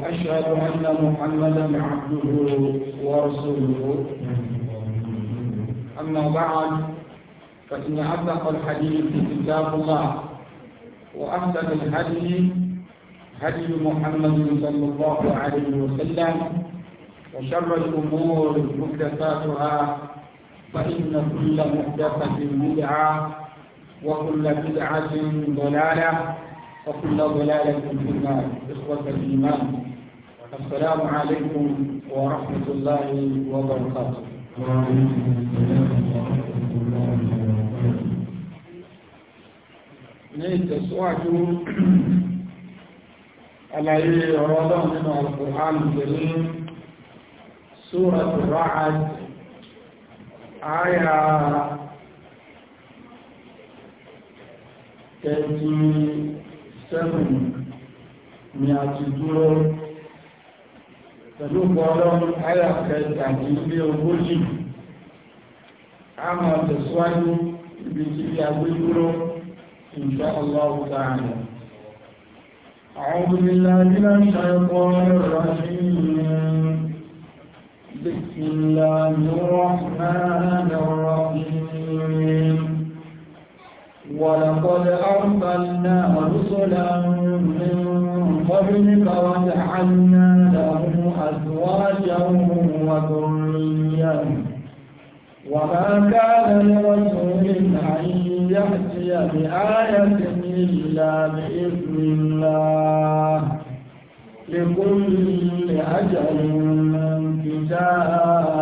وأشهد أن محمدا عبده ورسوله أما بعد فإن أصدق الحديث كتاب الله وأحسن الهدي هدي محمد صلى الله عليه وسلم وشر الأمور محدثاتها فإن كل محدثة بدعة وكل بدعة ضلالة وكل ضلالة في النار إخوة الإيمان السلام عليكم ورحمة الله وبركاته نيت سواجو على رضا من القرآن الكريم سورة الرعد آية تأتي سبن من أتدور pẹ̀lú ọlọ́run ayàkẹta ní ilé ogójì a máa tẹ̀síwájú ibi tí a gbé dúró ìjọ ọlọ́ọ̀ta rẹ̀ أعوذ بالله من الشيطان الرجيم بسم ولقد أرسلنا رسلا من قبلك وجعلنا لهم أزواجا وذرية وما كان لرسول أن يأتي بآية إلا بإذن الله لكل أجل كتاب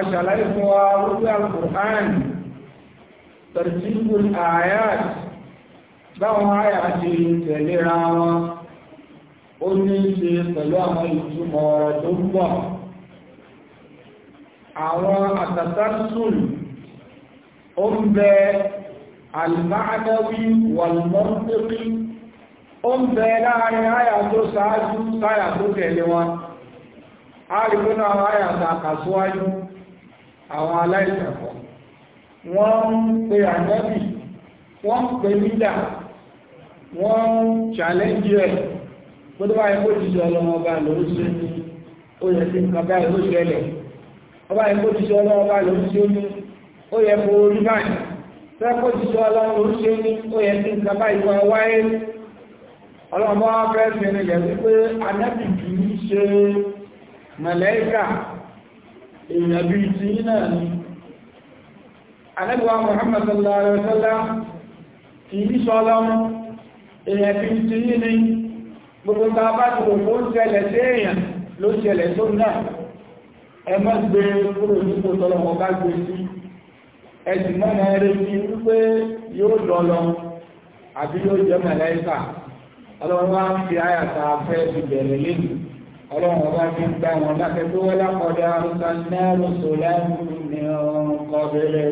aṣàlàyé fún wa wípé al-Qur'an tartibul ayat báwọn àyà ti tẹ̀léra wọn ó ní ṣe pẹ̀lú àwọn ìtumọ̀ ọ̀rọ̀ tó ń bọ̀ àwọn àtàtàṣùn ó ń bẹ al-ma'nawi wal-mantiqi ó ń bẹ láàrin àyà tó ṣáájú sáyà tó tẹ̀lé wọn a rí pínlẹ̀ àwọn àyà tàkàsíwájú àwọn aláìsàkọ́ wọ́n ń pe ànábì wọ́n ń pe nídà wọ́n ń challenge ẹ̀ gbọ́dọ̀ báyìí kó ti ọlọ́mọba lòún ní ó yẹ sí nǹkan ló ṣẹlẹ̀ ọba kó ti ọlọ́mọba lòún ní ó yẹ kó orí báyìí fẹ́ kó ti ọlọ́mọba lòún ní ó yẹ sí èèyàn bí i ti náà ni alẹ́gbà Muhammad sallallahu alaihi wasallam kì í sọ́lọ́ èèyàn bí i ti yí ni gbogbo ta bá ti rò fún ṣẹlẹ̀ sí èèyàn ló ṣẹlẹ̀ tó náà ẹ mọ́ gbé àbí yóò jẹ́ mẹ̀lẹ́ta ọlọ́wọ́ wá ń fi àyàtà fẹ́ ti bẹ̀rẹ̀ lẹ́nu ọlọ́run ọba ti ń gbá wọn láfẹ́ tó wọ́n lápọ̀dá arúgbà náà lóṣò láàrín ní ọkọ̀ bẹ̀rẹ̀.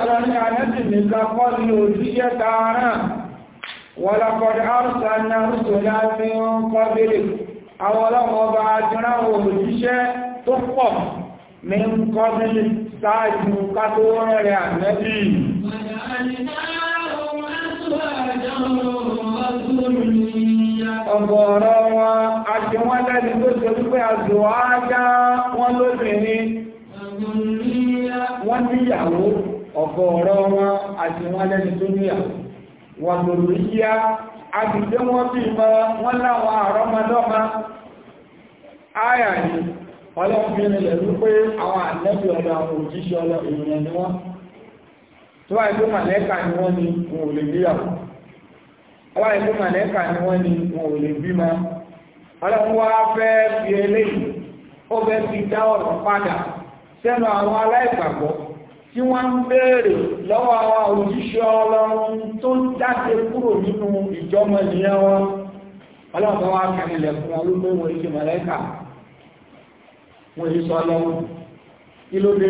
Ọlọ́run àrẹ́sì ní kakọ́ ní òjíṣẹ́ tààrà wọ́n lápọ̀dá arúgbà náà lóṣò láàrín ọkọ̀ bẹ̀rẹ̀. Àwọn ọlọ́run ọba àjọra òjíṣẹ́ tó pọ̀ ní ọkọ̀ bẹ̀rẹ̀ sáájú ká tó rẹ̀ àmẹ́bí. Wọ́n ọ̀gọ̀ọ̀rọ̀ wọn aṣe wọ́n lẹ́ni tó ṣe wípé àjò ájá wọn lóbìnrin wọ́n níyàwó ọ̀gọ̀ọ̀rọ̀ wọn aṣe wọ́n lẹ́ni tó níyàwó wọ́n lòrò yíyá agbègbè wọn bí mọ́ wọ́n láwọn àrọ́mọdọ́mọ àwọn ẹ̀kọ́ màlẹ́kà ni wọ́n ni wọn ò lè bímọ ọlọ́run wá fẹ́ fi eléyìí ó fẹ́ fi dá ọ̀rọ̀ padà sẹ́nu àwọn aláìgbàgbọ́ tí wọ́n ń béèrè lọ́wọ́ àwọn òjíṣẹ́ ọlọ́run tó ń jáde kúrò nínú ìjọmọ ìyẹn wọn ọlọ́run wá kàn ilẹ̀ fún wọn wípé wọn ìṣe màlẹ́kà wọn èyí sọ lọ́wọ́ kí ló dé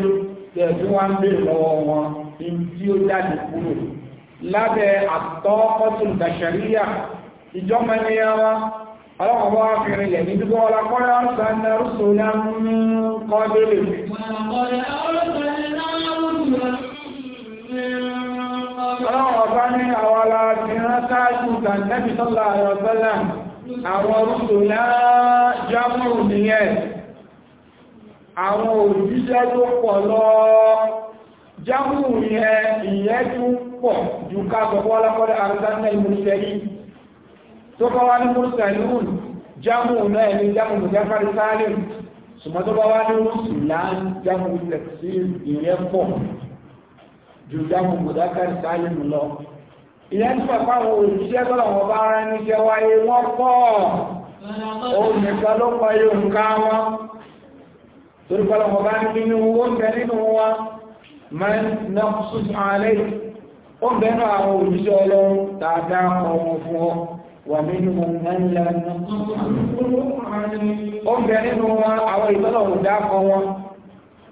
tẹ̀ tí wọ́n ń béèrè lọ́wọ́ wọn ní tí ó jáde kúrò nínú lábẹ́ àtọ́kọ́tún dàṣàríyà ìjọmọ̀ ní ara ọlọ́pàá fìrin lẹ̀ ní dúgbọ́ ọlápọ́lá sàánà rúsùlá ń kọ́ délé ọlọ́pàá ní àwọ́lá ti rán sáájú tàbí sọ́lá àrọ̀sọ́lá àwọn rúsùlá jámùrù nìyẹn àwọn òjíṣẹ́ tó pọ̀ lọ jámùrù yẹn ìyẹ́ tún pọ̀ ju ká gbogbo ọlọ́pọ̀dọ̀ àrùsánà ìmúṣẹ́rí tó bá wá ní mùsùlùmí jámù náà ní jámù mùjáfàrí sáàlìm ṣùgbọ́n tó bá wá ní mùsùlùmí jámù tẹ̀sí ìrẹ́ pọ̀ ju jámù mùjáfàrí sáàlìm lọ ìyẹn tó pàpá àwọn òṣìṣẹ́ tọ́lọ̀ wọn bá rán níṣẹ́ wáyé wọ́n pọ̀ òmìnira ló torí pọ́lọ̀ wọn bá ní nínú owó ń bẹ nínú wọn man naqsus alayhi ó ń bẹ́nu àwọn òjíṣẹ́ ọlọ́run dáadáa ọmọ fún ọ wà nínú ẹ̀ńlẹ̀ ó ń bẹ nínú wọn àwọn ìtọ́lọ̀rùn dákọ wọn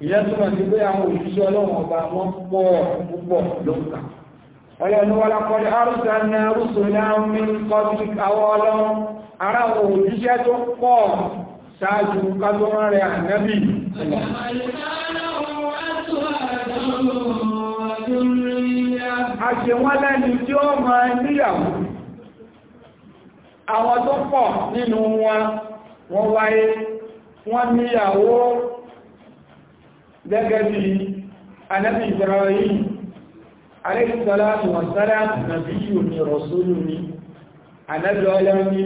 ìyẹn túnmọ̀ sí pé àwọn òjíṣẹ́ ọlọ́run ọba wọn pọ̀ púpọ̀ lóǹkà ṣe wọ́n lẹ́ni tí ó máa níyàwó àwọn tó pọ̀ nínú wọn wọ́n wáyé wọ́n níyàwó gẹ́gẹ́ bí anábì Ibrahim aléìsọ́láàtù wọ̀sára nàbí yìí ni rọ̀súlù ni anábì ọlọ́ni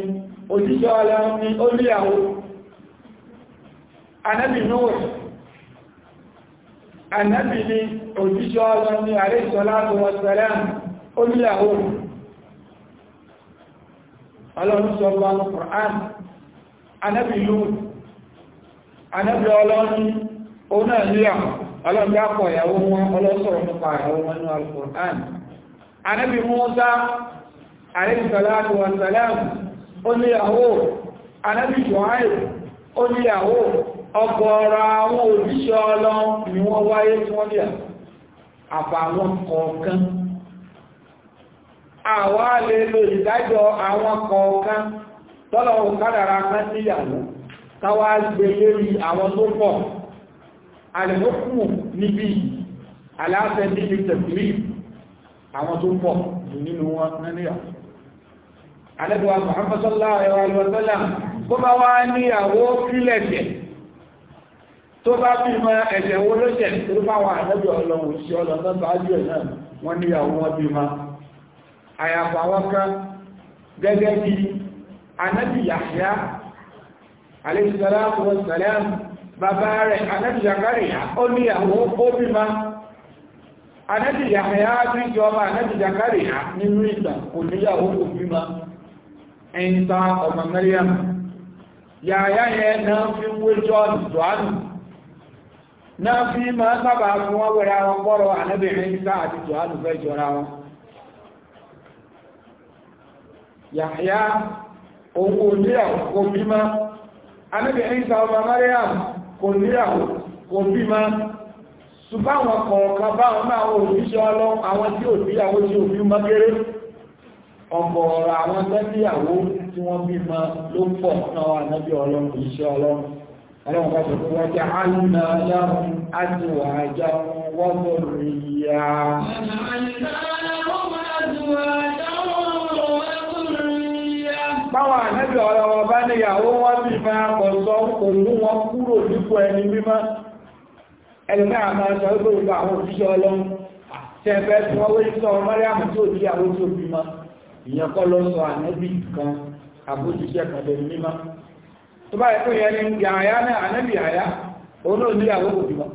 òjíṣẹ́ ọlọ́ni ó níyàwó anábì Nuh ànábì ni òjíṣẹ́ ọlọ́ ní àrẹ ìsọ́láàtò wọ́sẹ̀lẹ́m ó ní ìyàwó ọlọ́run sọ lọ ní Qur'an ànábì lóòrùn ànábì ọlọ́run ó náà ní ìyàwó ọlọ́run bá kọ ìyàwó wọn ọlọ́sọ̀rọ̀ nípa ìyàwó wọn ní Al-Qur'an ànábì Mùsá àrẹ ìsọ́láàtò ọgọ́rọ̀ àwọn òjíṣẹ́ ọlọ́run ni wọ́n wáyé tí wọ́n dìyà àfàwọn kọ̀ọ̀kan àwa lè lo ìdájọ́ àwọn kọ̀ọ̀kan tọ́lọ̀ òkádàrà kan síyàwó káwà gbé lérí àwọn tó pọ̀ alẹ́kùnkùn níbi aláfẹ́ níbi tẹ̀sílì àwọn tó alẹ́bíwá Muhammad sallallahu alaihi wa sallam kó bá wá níyàwó kílẹ̀kẹ̀ẹ́ tó bá bí ma ẹ̀ṣẹ̀ wo ló ṣẹ̀ tó bá wà ànábì ọlọ́run sí ọlọ́run bá jù ẹ̀ náà wọ́n níyàwó wọn bí ma àyàfà wọn kan gẹ́gẹ́ bí ànábì Yahya alayhi salatu wa salam bàbá rẹ̀ ànábì Zakariya ó níyàwó ó bí ma ànábì Yahya tí nínú ìtàn kò níyàwó kò bí ma ẹ̀yìn ta ọmọ Maryam Yahya yẹn náà fi wé jọ́ọ̀dù náà fi máa sábà fún wọn wẹ̀rẹ̀ àwọn bọ́rọ̀ ànábìnrin sá àti jọ̀hánù fẹ́ jọra wọn yàhíá òun kò níyàwó kò bímá ànábìnrin sá ọmọ mariam kò níyàwó kò bímá ṣùgbọ́n àwọn kọ̀ọ̀kan báwọn náà òṣìṣẹ́ ọlọ́run àwọn tí ò níyàwó tí ò bímá kéré tí ma bímọ ló pọ̀ anabi ànábì ọlọ́run iṣẹ́ ọlọ́run bá sọ pé wọ́n jẹ́ àlùmọ́ ọlọ́run àdùwà àjọ wọ́n mọ̀ rí ya. Báwọn ànábì ọlọ́wọ́ bá níyàwó wọ́n bí máa kọ̀ sọ òun wọn kúrò nípò ẹni mímọ́. Ẹlùmí àmà sọ pé ìgbà àwọn òṣìṣẹ́ ọlọ́run tẹ́fẹ́ tí wọ́n wéjì sọ Mọ́ríàmù tó di tó bá ẹ̀kọ́ yẹn ní yàáyá náà ànábì yàáyá òun náà níyàwó kò bímọ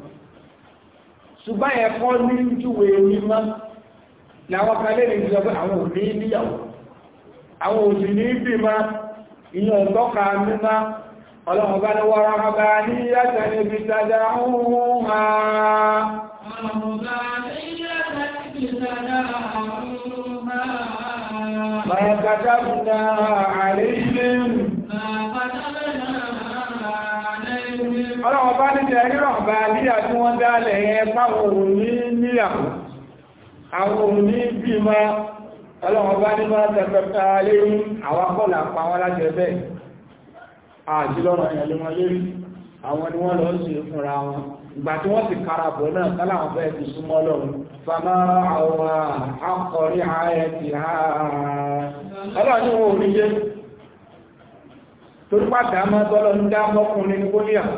ṣùgbọ́n ẹ̀kọ́ ní júwe mímọ́ làwọn ní ìjọba àwọn òní níyàwó àwọn ní bímọ ìyàn tọ́ka ọlọ́run ha ọlọ́wọ́ bá ní jẹ́ ríràn bá líyà tí wọ́n dálẹ̀ ẹ fáwọn òní níyàwó àwọn òní bí ma ọlọ́wọ́ bá ní máa tẹ̀fẹ́fẹ́ aléyìn àwákọ́lá pa wọ́n láti ẹ̀bẹ́ àti lọ́rọ̀ ẹ̀lú wọn lérí àwọn ni wọ́n lọ sí fúnra wọn ìgbà tí wọ́n ti karabọ̀ náà tálàwọn fẹ́ ti súnmọ́ lọ́run fama àwọn akọrí ààrẹ ti ha ọlọ́run ni wọn ò ní yé torípàdà máa tọ́lọ ń dá mọ́kùnrin ní kó níyàwó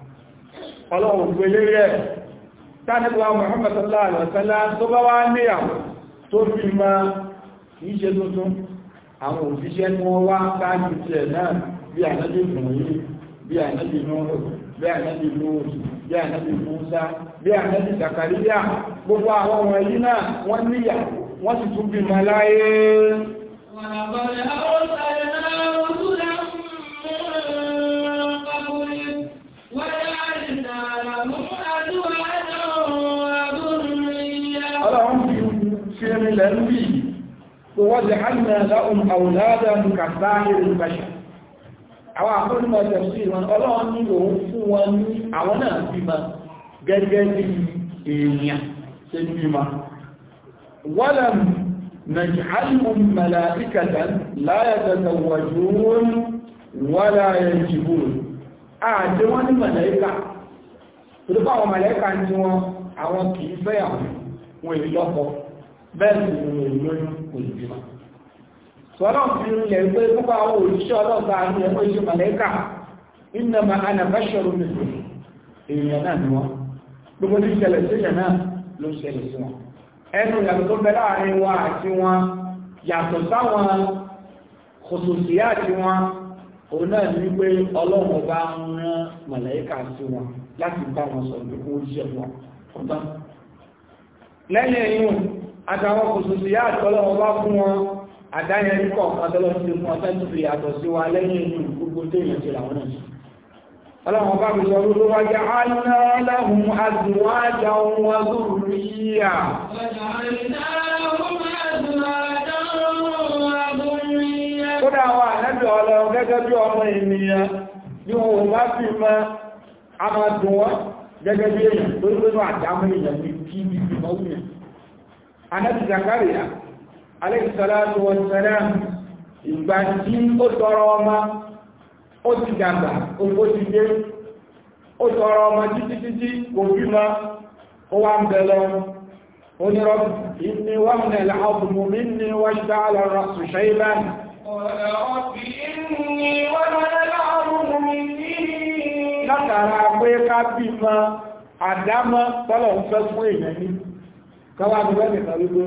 ọlọ́run gbé lérí ẹ̀ tánàbíwá Muhammad sallallahu alaihi wasallam tó bá wá níyàwó tó fi ma kìí ṣe tuntun àwọn òṣìṣẹ́ tí wọ́n wá sáájú ti ẹ̀ náà bí Musa bí ànábì Zakariya gbogbo àwọn ọmọ yìí náà wọ́n níyàwó bí ma ilẹ̀ ń bì kò wọ́n jẹ́ hànà lọ́hùn àwòládà kàtà ìrìn bàṣà àwọn àkọ́nìmọ̀ tẹ̀sí wọn ọlọ́run ní òun fún wọn ní àwọn náà bímọ gẹ́gẹ́ bí èèyàn ṣe bímọ wọ́lẹ̀m nàìjíríàmù mẹ́lẹ̀kẹ́kẹ́ láyẹ̀tẹ̀tẹ̀ wọ̀júwọ́n wọ́lá ẹ̀jìbùn wọ́n ìlọ́pọ̀ bẹ́ẹ̀ni ìrìn gbogbo ní ìṣẹ̀lẹ̀ sí èèyàn náà ló ṣẹlẹ̀ sí wọn ẹnu ìyàtọ̀ tó bẹ láàrin wa àti wọn yàtọ̀ sáwọn kòtòsí àti wọn òun náà ní pé ọlọ́run bá rán màlẹ́kà sí wọn láti bá wọn sọ̀rọ̀ àtàwọn kòsòsì yá àtọ́lọ́wọ́ bá fún wọn àdáyẹn níkọ̀ àtọ́lọ́wọ́ ti fún ọ̀tẹ́ fi yàtọ̀ sí wa lẹ́yìn inú gbogbo tó yàn sí làwọn náà ọlọ́wọ́ bá fi sọ lórí jẹ́ anábì Zakaria alayhi salatu wa salam ìgbà tí ó tọrọ ọmọ ó ti dàgbà ó ti dé ó tọrọ ọmọ títí títí kò bí ma ó wá ń bẹ lọ onírọ́bù inni wà ní ẹ̀lẹ́ọ̀bùnmù mi ní wọ́n ṣe dáàlọ́ rọ̀ ṣùṣẹ́ ìbáyìí látara tọ́lọ̀ ń fẹ́ fún èèyàn ní káwá ni wọ́n nìkan wípé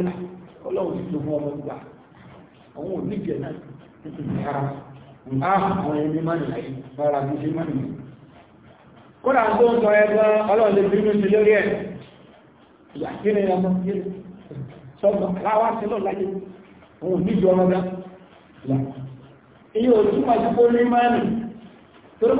ọlọ́run ti fún ọmọ gbà àwọn òbí náà nítorí ara àwọn ẹni má nìyà yìí bí ṣe má nìyà kódà tó ń sọ ẹgbẹ́ ọlọ́run lè lórí ẹ̀ ìyà kí ni ọmọ láwá sí lọ láyé ọmọ ní nì tó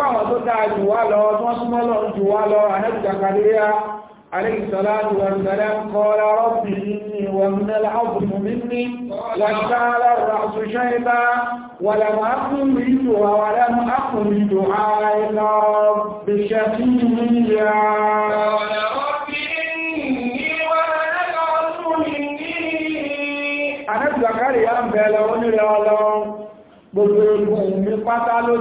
dáa jù wá lọ tó súnmọ́ lọ jù wá lọ عليه الصلاة والسلام قال ربي إني ومن العظم مني واشتعل الرأس شيبا ولم أكن بدعا ولم أكن بدعاء إلا رب شقيا قال رب إني ومن العظم مني أنا زكريا بلا ونرى الله gbogbo ogun mi pátá ló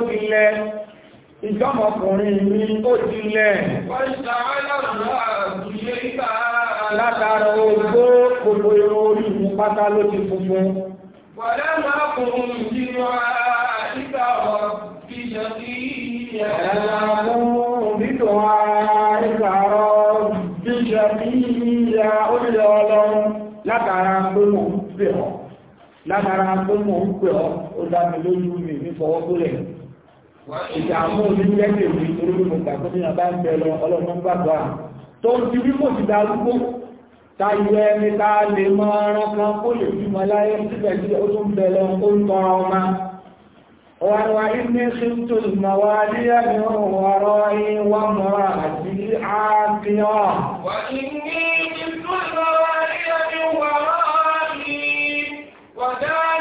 ìjọmọkùnrin mi ó jílẹ̀ látara ogbó gbogbo irun orí mi pátá ló ti funfun Ẹ̀lẹ́mú bídùn ara ìgbàrọ̀ bíṣẹ́ bí i ya orílẹ̀ ọlọ́run látara pé mò ń pè ọ́, látara pé mò ń pè ọ́, ó dámi lójú mi ní fọwọ́ gbólẹ̀ ìdààmú onílẹ́gbẹ̀ẹ́ mi torí mo gbà tó ní abá ń bẹ lọ ọlọ́run gbàgbà tó ń ti wípò ti darúgbó táyọ ẹni tá a lè mọ ọ̀ràn kan kó lè bímọ láyé síbẹ̀síbẹ̀ ó tún bẹ lọ ó ń tọrọ ọmọ ọ̀rọ̀ ilé ṣíntò ìmọ̀wà alíyà ni ọ̀rọ̀ ìwà mọ́ra àti ààkíyà wà ní ìlú ìmọ̀wà alíyà ni wà ráàrí wà dáa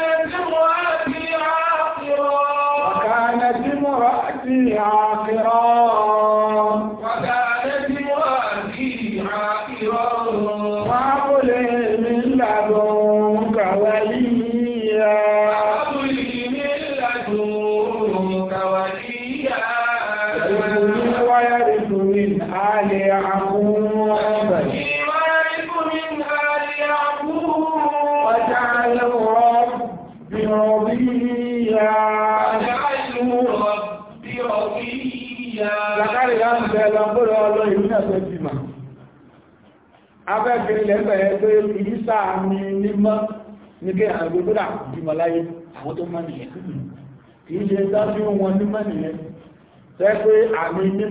bẹ̀rẹ̀ pé kìí sáàmì mímọ́ ní kí àgbẹ̀gbẹ̀dà jùmọ̀ láyé àwọn tó mọ́ nìyẹn kìí ṣe dájú wọn mímọ́ tẹ́ pé àmì ni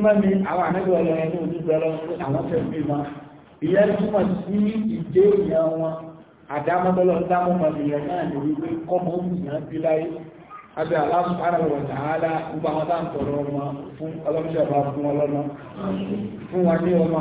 àwọn àmẹ́gbẹ̀ ọlọ́run gbogbo àwọn ọmọ fún bá fún fún wa ní ọmọ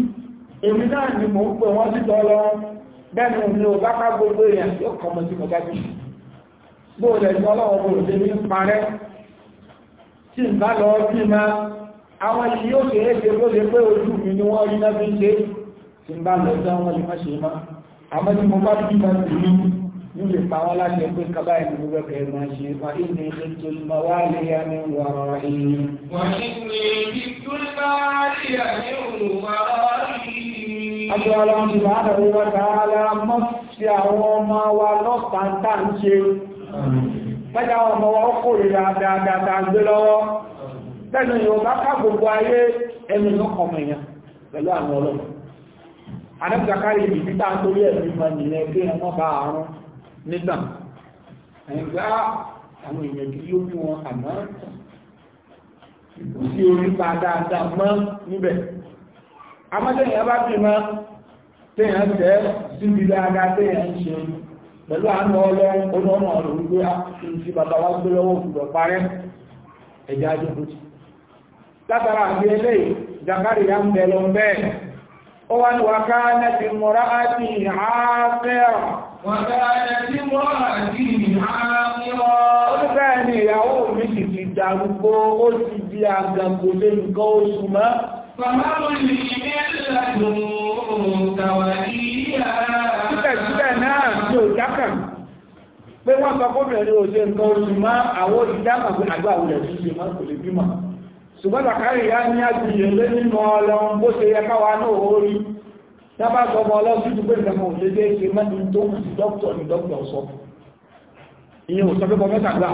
èmi náà ni mò ń pè wọ́n títọ́ lọ bẹ́ẹ̀ni òun ló bá ká gbogbo èèyàn yóò kọmọ sí mọ́tá bí bóòlù ẹ̀sìn ọlọ́wọ́ bòrò débi parẹ́ tí ń bá lọ sí ma àwọn ìṣe yóò ṣe é ṣe bó ṣe pé ojú mi ni wọ́n rí náà fi ṣe tí ń bá lọ sí àwọn ìmọ̀ aṣọ́lọ́wọ́n ti bá àdàrí wá tààlà mọ́ sí àwọn ọmọ wa lọ́pàá ń ṣe mẹ́ta ọmọ wa ó kò rí dáadáa gbé lọ́wọ́ tẹ́lú yóò bá ká gbogbo ayé ẹnu lọ́kọ̀ọ̀mọ̀ èèyàn pẹ̀lú àwọn ọlọ́run anẹ́bùsàkárì ìbí títà ń torí ẹ̀mí mọ nìyẹn kí ọmọ bá àrùn nígbà ẹ̀gbá àwọn èèyàn kí yóò bí wọn àmọ́ kò sí orí pa dáadáa mọ́ níbẹ̀ amọ́tẹ́yìn bá bí mọ́ tẹ́yìn tẹ́ síbi dáadáa tẹ́yìn ń ṣe pẹ̀lú àánú ọlọ́run onọ́nà ọ̀rọ̀ wípé àti ah, bàbá wa gbé lọ́wọ́ òkùnbọ̀ parẹ́ ẹ̀jẹ̀ ajébútì látara àti eléyìí zakari ya ń bẹ̀ lọ bẹ́ẹ̀ ó wá ní wàká nẹ́ti mọ́ra àti àáfẹ́ràn wàká nẹ́ti mọ́ra àti àáfẹ́ràn Síbẹ̀síbẹ̀ náà ní òjákàn pé wọ́n sọ fún ìrìn òjò nǹkan oṣù máa àwọn ìjákàn pé àgbà àwùjẹ̀ tí ṣe máa kò lè bímọ. Ṣùgbọ́n làkàrí ìyá ní àjíyẹ lé nínú ọlọ́run bó ṣe yẹ káwa náà ó rí. Tábà sọ ọmọ ọlọ́run títú pé ìjọba òṣè dé ṣe mẹ́rin tó kù sí dókítọ̀ ní dókítọ̀ sọ. Ìyẹn ò sọ pé kọ mẹ́ta gbà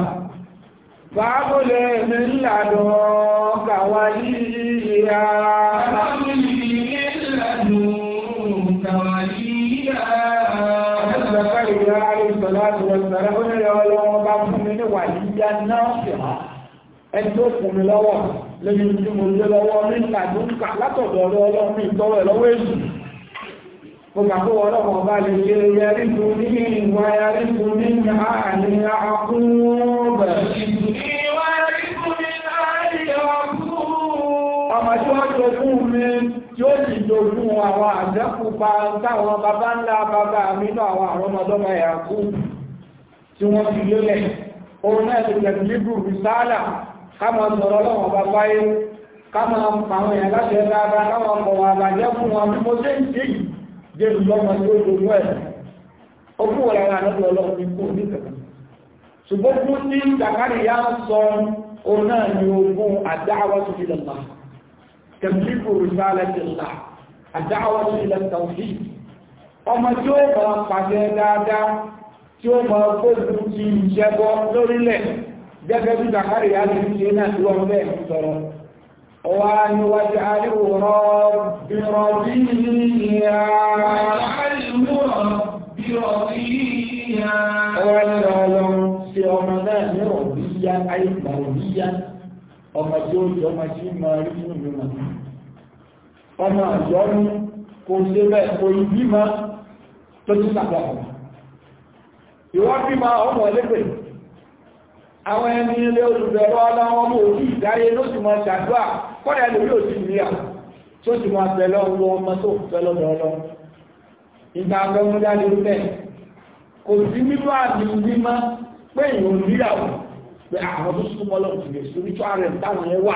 fàábùlẹ̀ mi ńlàdọ̀ kàwà yìí ya fàábùlẹ̀ ńlàdọ̀ kàwà yìí ya ẹ̀sùlẹ̀kọ́ ìyá àríṣọ́lá àti wẹ̀sẹ̀rẹ̀ ó nílẹ̀ ọlọ́wọ́ bá fún mi ní wà yíyá náà fìhà ẹni tó fún mi lọ́wọ́ lẹ́yìn tí mo lé lọ́wọ́ ní ìlàdúnkà látọ̀dọ̀ ọlọ́wọ́ mi tọ́rọ ẹ̀ lọ́wọ́ èsì Gbogbo bá lè ṣe yẹrí fún ní ìwà yẹrí fún ní àárín àkúrú ẹ̀kún àwọn àjẹ́kùpa táwọn bàbá ńlá bàbá mi náà àwọn àrọ́mọdọ́mọ ẹ̀yàkú tí wọ́n ti lélẹ̀ orin náà ti tẹ̀lú líbù rìsáàlà káàmà sọ̀rọ̀ lọ́wọ́n bá fáyé káàmà àwọn èèyàn láti ẹ̀dá ara láwọn ọkọ̀ wọn àbàjẹ́ fún wọn bí mo ṣe ń ṣe yìí jẹ́ ti fi àdáwọ̀ sí ilẹ̀ tàwí ọmọ tí ó mọ̀ pàṣẹ dáadáa tí ó mọ̀ fóògùn ti ìṣẹ́bọ lórílẹ̀ gẹ́gẹ́ bí zakari yà ní ṣe náà tí wọ́n bẹ́ẹ̀ sọ̀rọ̀ ọwá ni wà ti àríwò rọ̀bìrọ̀bì yà ọwá rí fún ìlú ọmọ àjọ́rún kò ṣe bẹ́ẹ̀ kò ìbí ma tó ti sàpọ̀pọ̀ ìwọ́n bí ma ọmọ ẹlẹ́pẹ̀ àwọn ẹni ilé olùbẹ̀rọ aláwọ̀ mú òkú ìdáyé ló sì máa ṣàdúà kọ́dà lórí òsì ìrìyà tó sì máa tẹ̀lọ ọmọ ọmọ tó fẹ́ lọ́dọọlọ́ ìgbà àgbẹ̀múdá lè fẹ́ kò sí nínú àmì mímá pé ìròyìn ìyàwó pé àwọn tó súnmọ́ lọ́pùtù lè sí ritual rẹ̀ táwọn ẹwà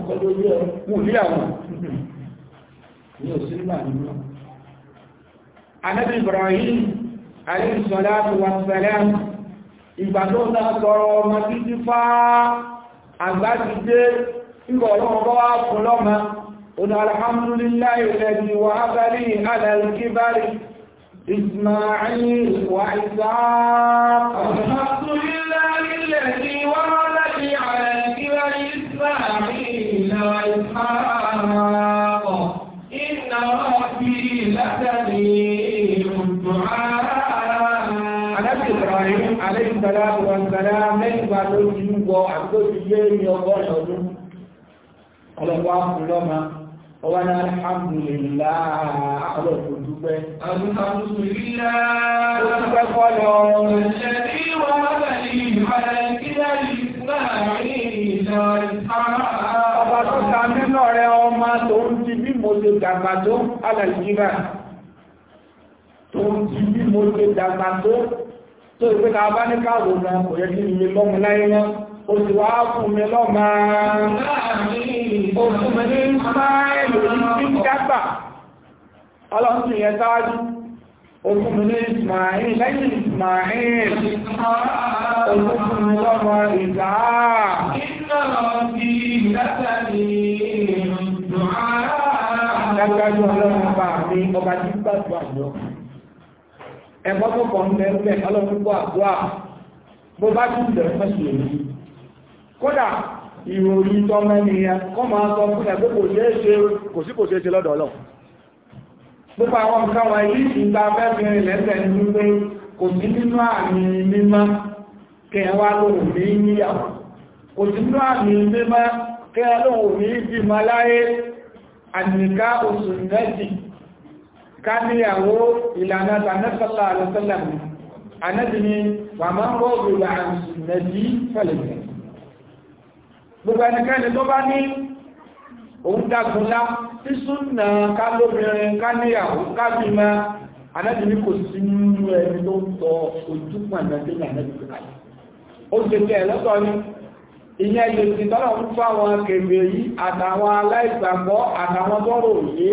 ọkọ̀ lórí ẹ̀ ní òsínbà nínú anábì Ibrahim alẹ́sọ̀láàtù wasalam ìgbà tó ń sọ̀rọ̀ ọmọ títí fá àgbà ti dé ìgbà ọlọ́mọ bá wá fún lọ́mọ ọdún alhamdulillahi alladhi wahaba wàgbàrá mẹ́gbà ló ti ń wọ àgbóti lé ní ọgọ́rin ọdún ọlọ́pàá fúnlọ́mà ọwá ní alhamdulillah ọlọ́pàá dúpẹ́ alhamdulillah ó dúpẹ́ fọ́lọ́ ṣẹ̀dí wà lábàlì ìbàlẹ̀ kílẹ̀ ìfúnláàrin ìlọ ọba tó ta nínú ọ̀rẹ́ ọmọ tó ń ti bí mo ṣe dàgbà tó alàìjíríà tó ń ti bí mo ṣe dàgbà tó tó ìpé ta bá ní káàrò náà kò yẹ kí mi lọ́mù láyé náà ó ti wá fún mi lọ́mà ó fún mi ní ìsmáìlì ní dágbà ọlọ́sìn yẹn táájú ó fún mi ní ìsmáìlì lẹ́yìn ìsmáìlì ó fún mi lọ́mà ìdá Dágbájú ọlọ́run bá mi, ọba tí gbàgbà yọ ẹ̀kọ́ tó kọ̀ ń bẹ̀ ń bẹ̀ ọlọ́pùpọ̀ àdúrà bó bá tún bẹ̀ mọ́sùlùmí kódà ìròyìn tọ́mọ ènìyàn kọ́ máa sọ fún ẹ̀ kò ṣeé ṣe kò sí kò ṣeé ṣe lọ́dọ̀ ọlọ́ gbogbo àwọn nǹkan wa yìí ti gba abẹ́bìnrin lẹ́sẹ̀ ní wípé kò sí nínú àmì mímọ́ kẹ́ wá lóhùn ní níyàwó kò sí nínú àmì mímọ́ kẹ́ lóhùn ní bímọ láyé àníká oṣù mẹ́sìn Kami ní àwọn ìlànà tànẹ́sọ́lá àlọ́sọ́lá mi anẹ́bì ni wà máa ń rọ́ọ̀rù ìlànà mẹ́bí fẹ̀lẹ̀fẹ̀ gbogbo ẹnikẹ́ni tó bá ní òun dágunlá tí súnà ká lóbìnrin ká níyàwó ká bí ma anẹ́bì ni kò sí nínú ẹni tó ń tọ ojú pàdé tí anẹ́bì fi kalẹ̀ ó ti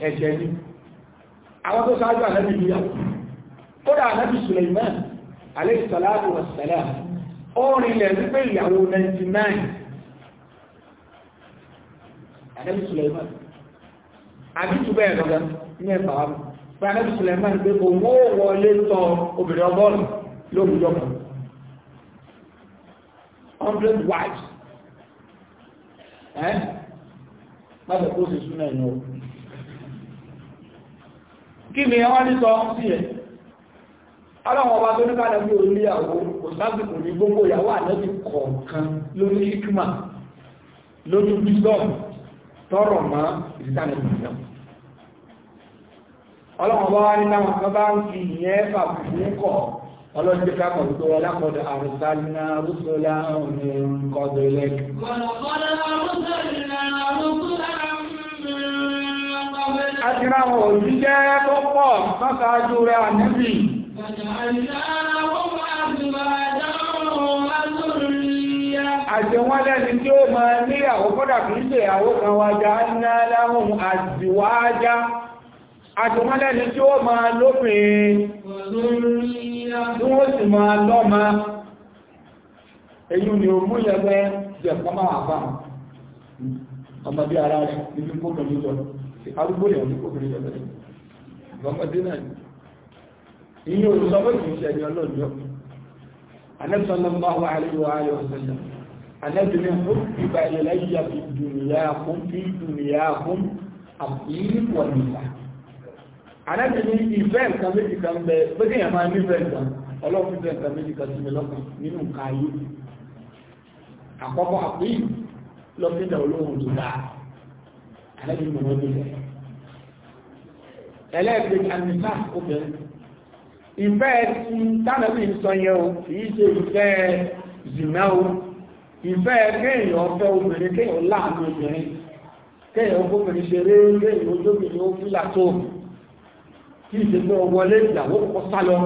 ẹ̀jẹ̀ ní àwọn tó sáájú ànábì níyà kódà ànábì Suleiman alayhi salatu wassalam orin lẹ̀ wípé ìyàwó 99 ànábì Suleiman àbí jù bẹ́ẹ̀ lọ́gá ní ẹ̀fà wà pé ànábì Suleiman pé owó wọlé tọ obìnrin ọgọ́rùn lóòrùjọ́ kan 100 wives ẹ́ láti kó sì súnà kí ni wọ́n ní sọ sí ẹ̀ aláwọ̀ ọba tó ní ká lẹ́bí oríyàwó kò sábìkò ní gbogbo ìyàwó àlẹ́bí kọ̀ọ̀kan lórí hikima lórí wisdom tọrọ mọ́ ìdánilẹ̀ ìdánilẹ̀ ọlọ́wọ̀n bá wá ní náà kan bá ń fi ìyẹ́ fàfún kọ̀ ọlọ́jẹ́ kápọ̀ tó wọ́n lápọ̀dọ̀ àrùsálínà rúsọ́lá òmìnirin kọ́dọ̀lẹ́ Àtìrà àwọn òjíṣẹ́ tó pọ̀ mọ́sáájú rẹ̀ ànẹ́bì àjẹwọ́n lẹ́ni tí ó máa ní àwọn kọ́dà kìí ṣe àwọn kan wájá ní aláhùn àjíwájá àjẹwọ́n lẹ́ni tí ó máa lófin tí wọ́n sì máa lọ́mà èyí ni òmú yẹgbẹ́ jẹ̀kọ́ ọmọdé ara rẹ̀ níbi kókànlélọ́ ọmọdé náà ni inú olùsọ́wọ́ ìṣẹ́ ẹni ọlọ́jọ́ anẹ́sọ́lọ́mọ́ àríwá ayọ̀ ọ̀sẹ̀lẹ̀ anẹ́bìnrin ó fi bá ilẹ̀ yíya fi dùnìyà kún fi dùnìyà kún àbílí pọ̀ nìyà anẹ́bìnrin ìfẹ́ nǹkan méjì kan bẹ pẹ́kẹ́ yẹn máa nífẹ̀ẹ́ nǹkan ọlọ́run fẹ́ nǹkan méjì kan sí mi lọ́kàn nínú nǹkan ayé àkọ́kọ́ àbílí lọ́fíìdà olóhùn tó dáa anẹ́bìnrin mọ̀ ẹlẹ́gbẹ̀ẹ́ àmìsá obìnrin ìfẹ́ ti tánàbí ìsọyẹ o kìí ṣe ìfẹ́ zìmẹ́ o ìfẹ́ kéèyàn ọ̀fẹ́ obìnrin kéèyàn láàánú obìnrin kéèyàn obìnrin ṣeré kéèyàn ojóbìnrin ó fílà tó kí ìṣe pé ọ wọlé ìyàwó kọ sálọ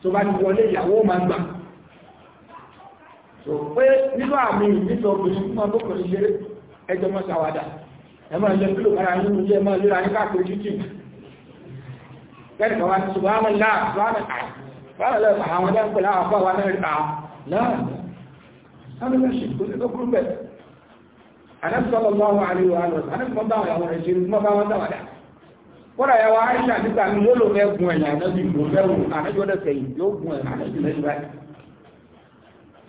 tó bá ti wọlé ìyàwó máa gbà tó pé nínú àmì nítorí obìnrin fún ọdún kò ṣeré ẹjọ́ mọ́ ṣàwádà ẹ máa lọ kílò kára nínú ilé ẹ máa lóra ní káàkiri títì kẹ́lì kan wá ní ṣùgbọ́n láà ṣùgbọ́n láà àwọn ọdá ń pè láwọn afọ́ wa náà rí àwọn láà sáàlùmẹ́ ṣe kò sí lókùrú bẹ̀ anẹ́sọ́lọ́ lọ́wọ́ àríwá lọ anẹ́sọ́ bá wọn àwọn ẹ̀ṣẹ́ mọ́ bá wọn dáwàdá kọ́dà ya wa aisha nígbà mi yóò lò mẹ́gun ẹ̀yà anẹ́bí lò mẹ́rù anẹ́bí ọdẹ sẹ́yìn yóò gun ẹ̀yà anẹ́bí lẹ́yìn báyìí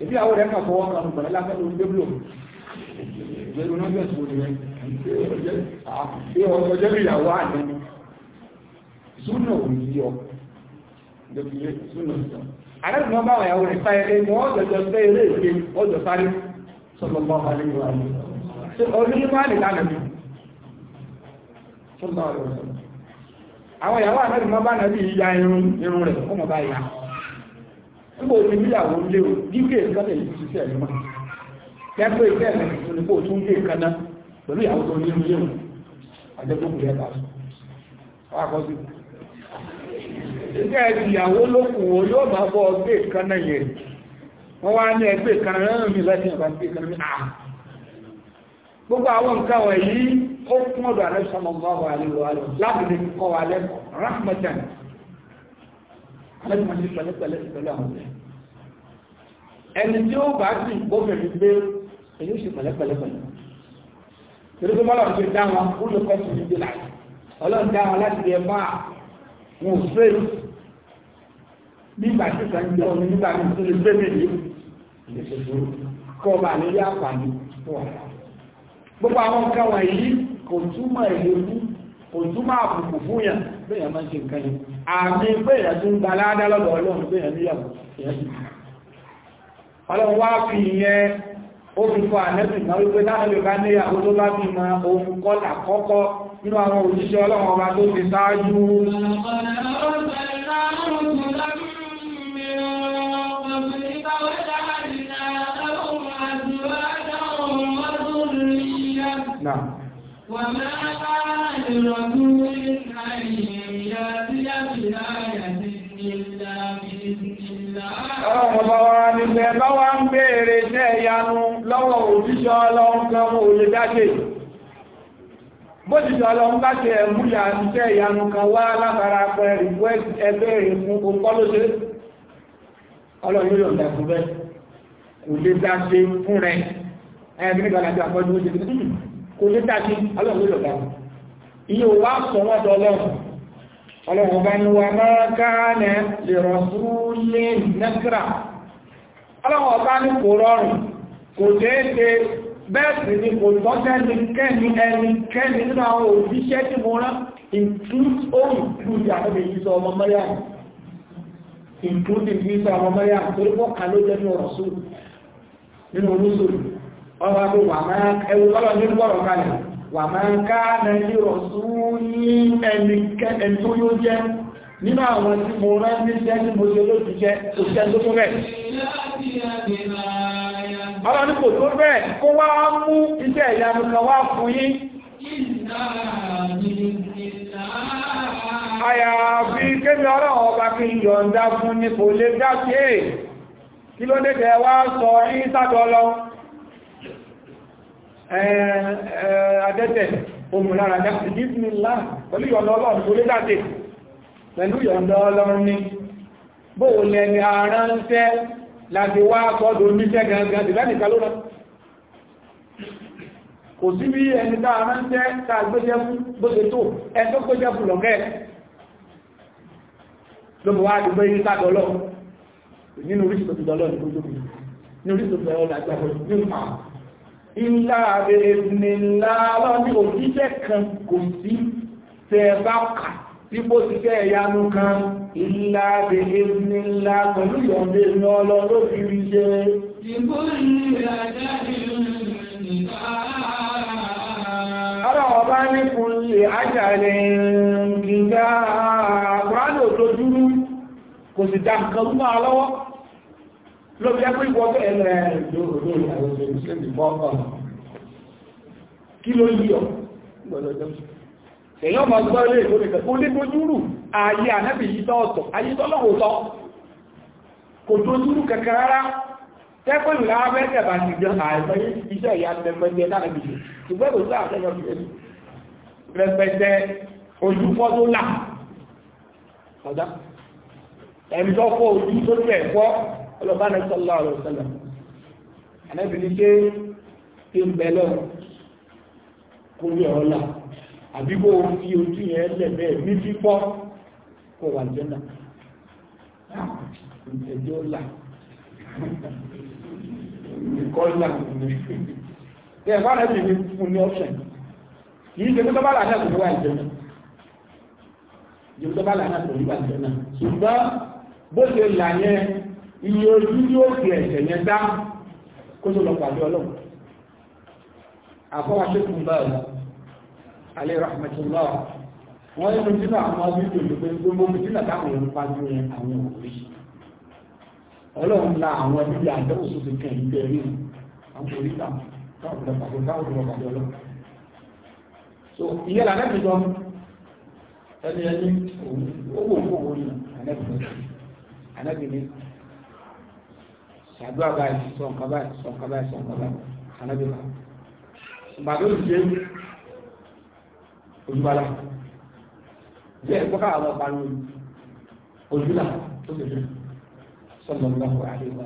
èbí àwọn ọdẹ kan fọwọ́ kan gbọ̀dọ̀ láfẹ́ súnà ò ní àwọn ìyàwó àrẹ́bì náà bá nàbí ya irun irun rẹ̀ ọmọ bá ya nígbà òní níyàwó lé o dígbé ìkànnì yìí ti sẹ́ẹ̀ mọ́ kẹ́gbẹ́ ìfẹ́ gé pẹ̀lú ìyàwó tó ní irun nígbà ìyàwó lókùn wo yóò bá bọ́ ọgbẹ́ ìkànnà yẹn wọ́n wá ní ẹgbẹ́ ìkànnà lọ́nà mi láti ìgbà gbé ìkànnà mi ah! à gbogbo àwọn nǹkan wọ̀ ó kún ọ̀dọ̀ rahmatan alẹ́kùnrin ní pẹ̀lẹ́pẹ̀lẹ́ pẹ̀lú àwọn ọ̀rẹ́ ẹni tí ó bá sì gbọ́mẹ̀lú gbé èyí ó sì pẹ̀lẹ́pẹ̀lẹ́ pẹ̀lú torí pé mọ́lọ̀ ti dá wọn kúlù kọ́sì nígbà tí ìgbà ń gbọ́ nígbà tí ó lè gbé kọ́ bà lè rí àǹfààní tó wà. gbogbo àwọn nǹkan wọ̀nyí kò túmọ̀ ìlú kò túmọ̀ àbùkù fún yàn bẹ́ẹ̀ máa ń ṣe nǹkan yìí àmì bẹ́ẹ̀ tún gba aládá lọ́dọ̀ ọlọ́run bẹ́ẹ̀ níyàwó ọlọ́run wá fi ìyẹn ó fi kọ ànẹ́bì náà wípé láàrín bá níyàwó tó bá bí ma ohun kọ́là kọ́kọ́ nínú àwọn òjíṣẹ́ ọlọ́run ọba tó fi sáájú náà. wọ́n máa bá ìrọ̀lú àìyè ìyá sí àbílá àyàtí ìlà ìlà. ọlọ́run bá wá nígbẹ́ bá wá ń béèrè iṣẹ́ ìyanu lọ́wọ́ òjíṣẹ́ ọlọ́run kan wọn ò lè dáṣe iṣẹ́ ìyanu kan wá látara pẹ̀ rìwẹ́sì ẹgbẹ́rẹ̀ fún òǹkọ́lóṣe ọlọ́run yóò yọ̀ǹda ẹ̀kú kò lè dáṣe fún rẹ̀ ẹ̀ẹ́dínlẹ́gbàlájọ́ àpọ́jú ó ṣe kò lè dájú ọlọ́run lọ́gbà iye wa sọ wọ́n dọ ọlọ́run ọlọ́run bá ní wa máa káàlẹ̀ lè rọ̀sú lè nẹ́kìrà ọlọ́run ọba ní kò rọrùn kò déédé bẹ́ẹ̀ sì ni kò tọ́jẹ́ni kẹ́ni ẹni kẹ́ni nínú àwọn òṣìṣẹ́ tí mo rán include ó include àtọ́bẹ̀ ìsọ ọmọ mẹ́rìà include ìsọ ọmọ mẹ́rìà torí pọ́ kà ló jẹ́ ní ọ̀rọ̀ sóòrù nínú olóṣòrù ọba tó wà máa ẹwù lọ́lọ́ ní gbọ́rọ̀ kalẹ̀ wà máa ká nàíjíríọ̀ súnmí ẹni tó yóò jẹ́ nínú àwọn tí mo rán ní jẹ́ tí mo ṣe lójú jẹ́ òṣìṣẹ́ tó tó rẹ̀ ọlọ́ ní kò ọba kí n yọ̀ǹda fún ní kò lè dá sí èè kí ló dé tẹ́ wá sọ yín sádọ́ adẹ́tẹ̀ omùlára dákì disneyla pẹ̀lú ìyọ̀nà ọlọ́run tó lé dáte pẹ̀lú ìyọ̀nà ọlọ́run ní bóò lẹ́ni ara ń tẹ́ láti wá kọ́dọ̀ oníṣẹ́ gangan ti lẹ́nìká ló rán kò sí bí ẹni tá ara ń tẹ́ tá gbéjẹ́ fún bó ṣe tó ẹni tó gbéjẹ́ fún lọ́gẹ́ lọ́bọ̀ wá àdúgbò yìí sádọ́lọ́ nínú oríṣìí tó ti dọ́lọ́ ní oríṣìí tó ti dọ́lọ́ ilá àbẹ̀rẹ̀bìnlá lọ́ní òjíṣẹ́ kan kò sí tẹ́ bá kà tí bó ti fẹ́ ìyanu kan ilá àbẹ̀rẹ̀bìnlá pẹ̀lú ìyọ̀ndé ní ọlọ́rọ̀ fi rí ṣe ọ̀rọ̀ ọba ní fún lè ájàrẹ̀ gíga àkùrádò tó dúró kò sì dá nǹkan lọ́wọ́ lóbi ẹgbẹ́ ìwọ́gbẹ́ ẹ̀rẹ̀ lóòrò àwọn ìṣẹ́lẹ̀ bọ́ọ̀kọ̀ kí ló yíọ̀ gbọ́dọ̀jọ́ ma gbọ́ ilé kò tójúrù kẹkẹ rárá tẹ́kọ̀lù láàbẹ́ tẹ̀bà nìjọ àìsàn iṣẹ́ ìyá tẹ́fẹ́jẹ lánàbì ṣùgbẹ́ kò sáà tẹ́jọ fi ọlọ́bá ní sọ́lá ọ̀rọ̀ sọ́lá ànábìlí pé kí n bẹ̀lẹ̀ kó rí ọ̀la àbí kó o fi ojú yẹn lẹ̀ bẹ́ẹ̀ ní fífọ́ kó wà jẹ́nà ìjẹ́jọ́ ọ̀la ìkọ́lá ẹ̀ wọ́n rẹ̀ ní fún ní ọ̀sẹ̀ yìí ṣe tó bá bó ṣe là yẹn iye ojú yóò fi ẹ̀sẹ̀ yẹn dá kó tó lọ pàdé ọlọ́run àfọwà ṣékùn báyìí alẹ́ rahmatullah wọ́n yẹ́ mọ̀tí àwọn abúlé ìlú pé gbogbo mọ̀tí náà ẹni ẹni owó òkú òwò ni ṣàdúrà báyìí sọ nǹkan báyìí sọ nǹkan báyìí sọ nǹkan báyìí ànábì kan ìgbàdo ìṣe ojúbalá bẹ́ẹ̀ gbọ́ká àwọn ọba ní ojúlà tó lè rí sọ́dọ̀ lọ́wọ́ àdéhùn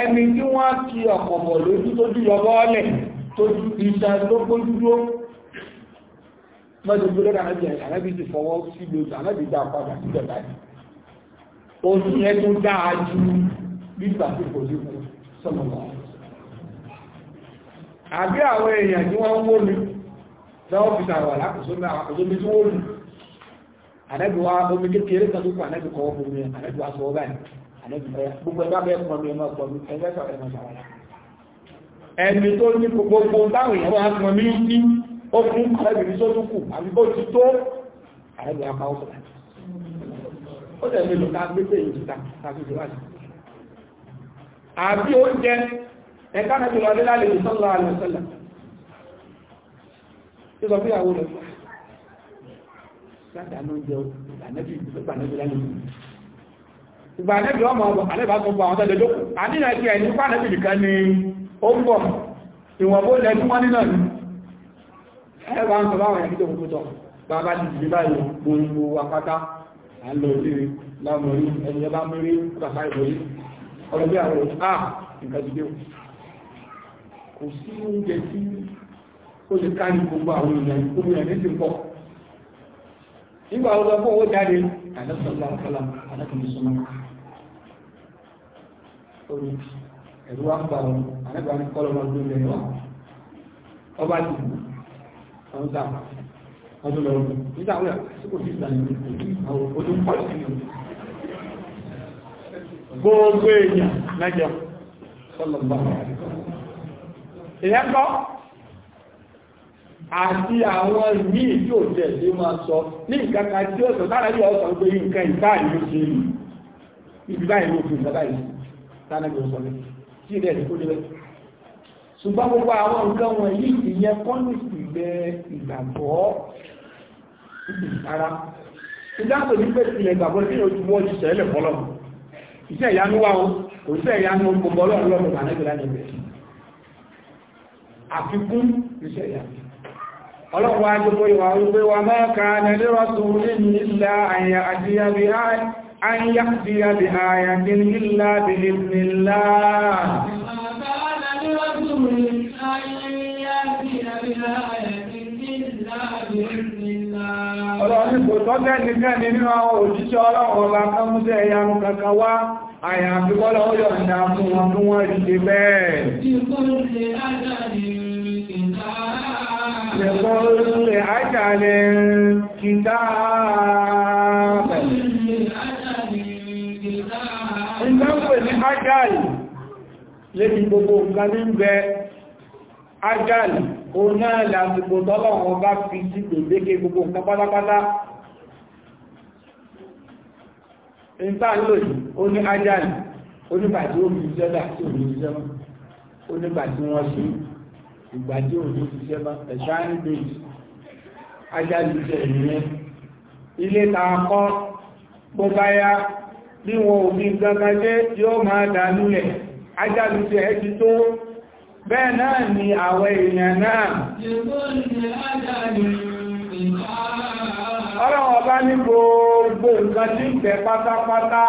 ẹni tí wọ́n ti ọ̀pọ̀ bọ̀ lójú tó dúyọ bọ́ọ̀lẹ̀ tó ju ìṣà tó gbójú dúró mọ́jú gbójú lọ́dọ̀ ànábì ànábì ti fọwọ́ sí lójú ànábì dá padà sí ìjọba òsì ẹ̀tún dáa ju nígbà tí kò ní kú sọ́nàmà àbí àwọn èèyàn tí wọ́n ń wó mi lọ́wọ́ fi sàrọ̀ alákòóso mi àwọn àkòóso mi tí wó mi ànẹ́bí wa omi kékeré kan tó kù ànẹ́bí kọ́ fún mi ànẹ́bí wa sọ ọ́ báyìí ànẹ́bí bẹ́ẹ̀ gbogbo ẹgbẹ́ abẹ́ pọ̀ mi ẹmọ pọ̀ mi ẹgbẹ́ sọ̀rọ̀ ẹmọ sàrọ̀ la ẹni tó ní gbogbo táwọn èèyàn àbí oúnjẹ ẹ̀ká nàbí wà nílá lè sọ́lọ́ àlọ́sọ́lọ́ tí sọ fún ìyàwó rẹ̀ látàánú oúnjẹ ìgbànẹ́bí ìgbànẹ́bí lálẹ́ ìgbànẹ́bí ọmọ ọmọ alẹ́bà tó bọ àwọn tẹ́lẹ̀ lókù àdínà ti ẹni pàánẹ́bì nìkan ni ó ń bọ̀ ìwọ̀n bó lẹ́jú wọ́n nínà ní ẹ̀rọ ń sọ báwọn ẹ̀rí tó kú tọ̀ bàbá ti jìbí báyìí gbogbo apáta à ń lọ sí láwọn orí ẹni ẹbá mẹ́rí kàfà ìbòrí ọ̀rọ̀ àwọn òṣà ah, nǹkan kò sí oúnjẹ tí ó lè ká ní gbogbo àwọn èèyàn ìkómi pọ̀ nígbà ọlọ́ fún owó jáde àdásọ́lá ọ̀kọ́lá alákùnrinṣọ́lá orí ẹ̀rú wá kò sí ìgbà yìí ojú pọ̀ sí ìlú gbogbo èèyàn mẹ́jọ ìyẹ́kọ́ àti àwọn míì tí ò tẹ̀ sí máa sọ ní ìkàkà tí ó sọ tánà bí ọ̀sán pé nǹkan ìbá ìlú ṣe rí ibi báyìí ló fi ìjọba ìlú tánà bí ọ̀sán lé tí ilẹ̀ ìlú lé ṣùgbọ́n gbogbo àwọn nǹkan wọn yìí ìyẹn kọ́nìsì ilẹ̀ ìgbàgbọ́ ara ìdáàbò ní pé ilẹ̀ ìgbàgbọ́ iṣẹ́ ìyanu wá o kò sí ìyanu gbogbo ọlọ́run lọ́rùn wà nígbà ní ibẹ̀ àfikún iṣẹ́ ìyanu ọlọ́run wá jẹ́ pé wà wípé wà máa ka nàìjíríàtò ní ilá àyà àti àbí àyà àyà àti àyà kò tọ́jẹ́ nìkẹ́ni nínú àwọn òjíṣẹ́ ọlọ́run ọba kan mú sí lébi gbogbo nǹkan ní ń bẹ àjàlì, òun náà lásìkò tọ́lọ̀ wọn fi sí gbogbo nǹkan pátápátá ìta ń lò yìí ó ní ájálì onígbà tí ó fi iṣẹ́ dà tí ò ní iṣẹ́ mọ́ onígbà tí wọ́n ṣe ìgbà tí ò ní iṣẹ́ mọ́ ẹ̀ṣọ́ àríbèjì ájálì iṣẹ́ ìrìnlẹ̀ ilé ta kọ́ bí wọn ò ní gangan jẹ́ yóò máa dà nílẹ̀ ájálì iṣẹ́ ẹ ti tó bẹ́ẹ̀ náà ni àwọn èèyàn náà ọlọ́run ọba ní gbogbo nǹkan tí ń bẹ pátápátá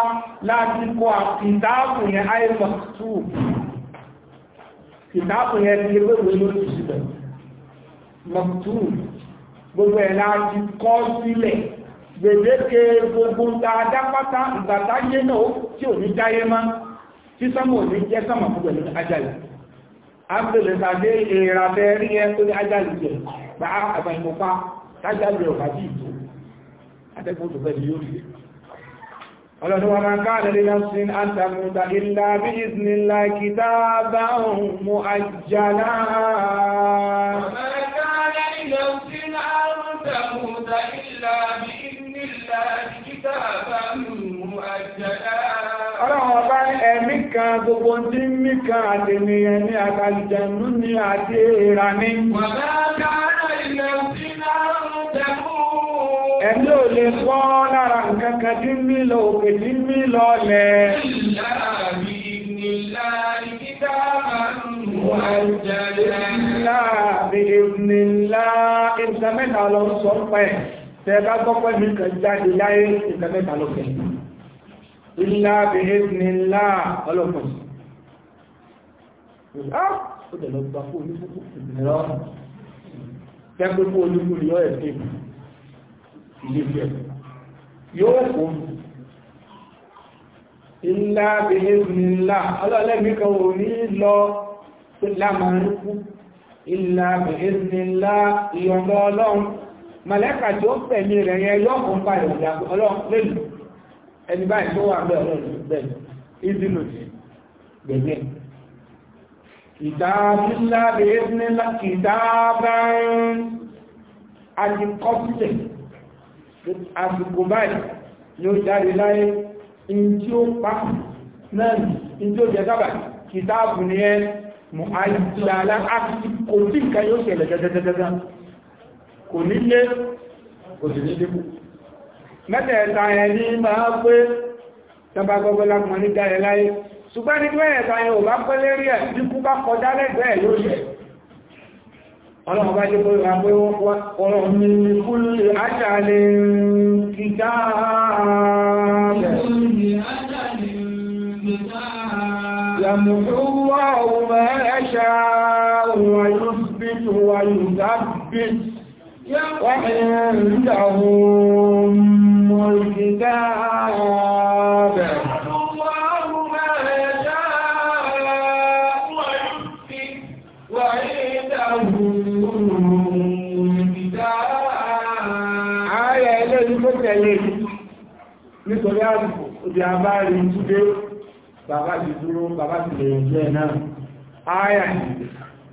láti kọ ìdáàbò yẹn àìmọ̀ tù ìdáàbò yẹn ti ewé wo ló ti síbẹ̀ mọ̀tù gbogbo ẹ̀ láti kọ́ sílẹ̀ gbèdéke gbogbo dáadáa pátá ìgbàtá yé náà tí ò ní jáyé má tí sọ́mọ̀ ò ní jẹ́ sọ́mọ̀ púpẹ̀ ní ajáyé agbèlèsàdé èrà bẹ́ẹ̀ rí ẹ tó ní ajáyé jẹ gbà àgbà ìmọ̀pá tájáyé ọ̀gá bí ìtò atẹ́kùn tó fẹ́ yóò rí ọlọ́dún wọn máa ń káàdẹ̀ lè lọ́sìn àtàmùta ilá bí ìsìnlá kìtà bá ohun mú àjálá ọlọ́run ọba ẹ̀mí kan gbogbo tí mí kan àtẹ̀mìyàn ní àti ní wàbá ẹ̀mí ò lè gbọ́ lára nǹkan kan tí ń mí lọ òkè tí ń mí lọ lẹ̀ ìsàmẹ́ta lọ sọ pẹ́ tẹ́ẹ̀bá gbọ́pẹ́ mi kàn jáde láyé ìsàmẹ́ta lọ pẹ́ ìlà bèèrè ńlá ọlọ́pọ̀ ó dẹ̀ lọ gbà fún olúkúrú ìrọ̀ tẹ́gbẹ́ fún olúkúrú yọ ẹ̀sìn ìlúfẹ́ yóò kó ilá bèèrìnlá ọlọ́lẹ́mí kan ò ní lọ lámàrúkú ilá bèèrìnlá ìyọ̀nà ọlọ́run màlẹ́kà tí ó pẹ̀lú rẹ̀ yẹn yọ́ kún pa ìrìnlá ọlọ́run lẹ́lú ẹni báyìí tó wà bẹ́ẹ̀ ọlọ́run bẹ́ẹ̀ ìdínú ti gbẹ̀gbẹ̀ ìdábílá àsìkò báyìí ni ó jáde láyé in tí ó pa náà in tí ó jẹ sábà kìtàbù ní ẹ mọ̀ àìsìlára kò sí nǹkan yóò ṣẹlẹ̀ jẹjẹjẹjẹjẹ kò nílé kò sí nílé kú mẹ́tẹ̀ẹ̀ta ẹ̀ ní máa pé tọba gbogbo lápọ̀ ní jáde pẹ́ ọlọ́run bá jẹ́ pé wà pé wọ́n ní kúlù ájàlẹ̀ kìtà yàmùsùwà ọmọ ẹ̀ṣà wà yóò bí wà yóò dábí wà ẹ̀rìndàwò mọ̀ ìkìtà òdí àbárí túdé bàbá ti dúró bàbá ti lè yànjú ẹ̀ náà áyà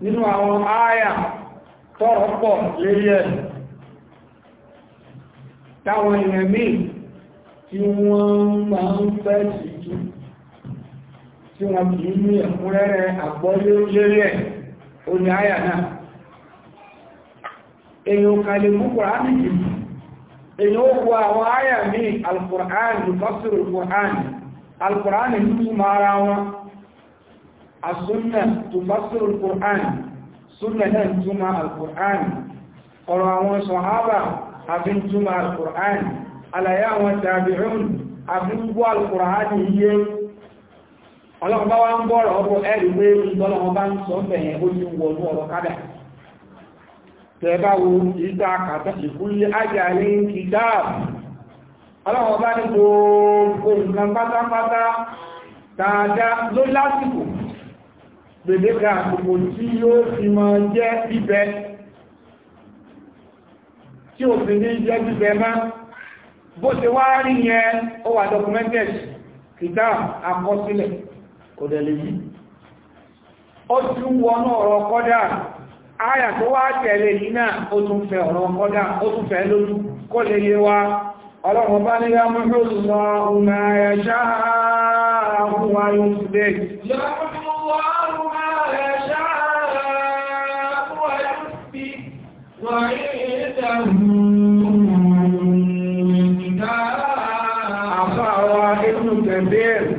nínú àwọn áyà tọ́rọ pọ̀ lérí ẹ̀ táwọn èèyàn míì tí wọ́n máa ń fẹ́ sí tú tí wọ́n kì í ní ẹ̀kúnrẹ́rẹ́ àgbọ́lé lérí ẹ̀ ó ní áyà náà èèyàn kalẹ̀ mú kùránì èyí ó kọ àwọn àyà ní alkùnrán ìfọ́sùrù kùnrán alkùnrán ní túnmọ̀ ara wọn a súnnà tùfọ́sùrù kùnrán súnnà náà túnmọ̀ alkùnrán ọ̀rọ̀ àwọn sọ̀hábà abin túnmọ̀ alkùnrán àlàyé àwọn tàbíhùn abin gbọ́ alkùnrán iye ọlọ́pàá wá ń tẹ́ẹ̀bá wo ìta kàtà ìkúlé ajá ní kìdáàbù ọlọ́wọ́ bá ní gbogbo nǹkan pátápátá tààdá ló lásìkò gbèdéka àkùkò tí yóò fi mọ́ jẹ́ bíbẹ tí ò sì ní jẹ́ bíbẹ má bó ṣe wá rí yẹn ó wà documented kìdáàbù àkọsílẹ̀ kò dẹ̀ ó tún wọnú ọ̀rọ̀ kọ́dáà aya tó wá tẹ̀lé yìí náà ó tún fẹ́ ọ̀rọ̀ ọkọ́dá ó tún fẹ́ lójú kó lè lè wá ọlọ́run bá ní yàmúhùlọ́ ọmọ ẹ̀ṣá àwọn ayọ́ sílẹ̀ Àbáwa ẹ̀rùn tẹ̀bẹ̀rẹ̀,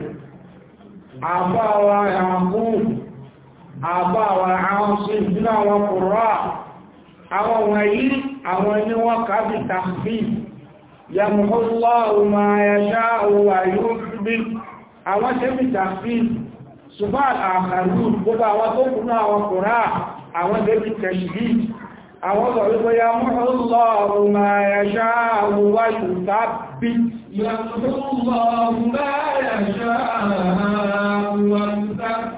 àbáwa ẹ̀rùn àbá àwọn àwọn sí ìdínà àwọn kòrò àwọn wọ̀nyí àwọn ní wọ́n kàbí tàbí yàmùhúnláwò ma yàṣá òwà yóò bí àwọn tẹ́bí tàbí ṣùgbọ́n àkàrù gbogbo àwọn tó kùnú àwọn kòrò àwọn tẹ́bí àwọn ọ̀rọ̀ yàmùhúnláwò ma ma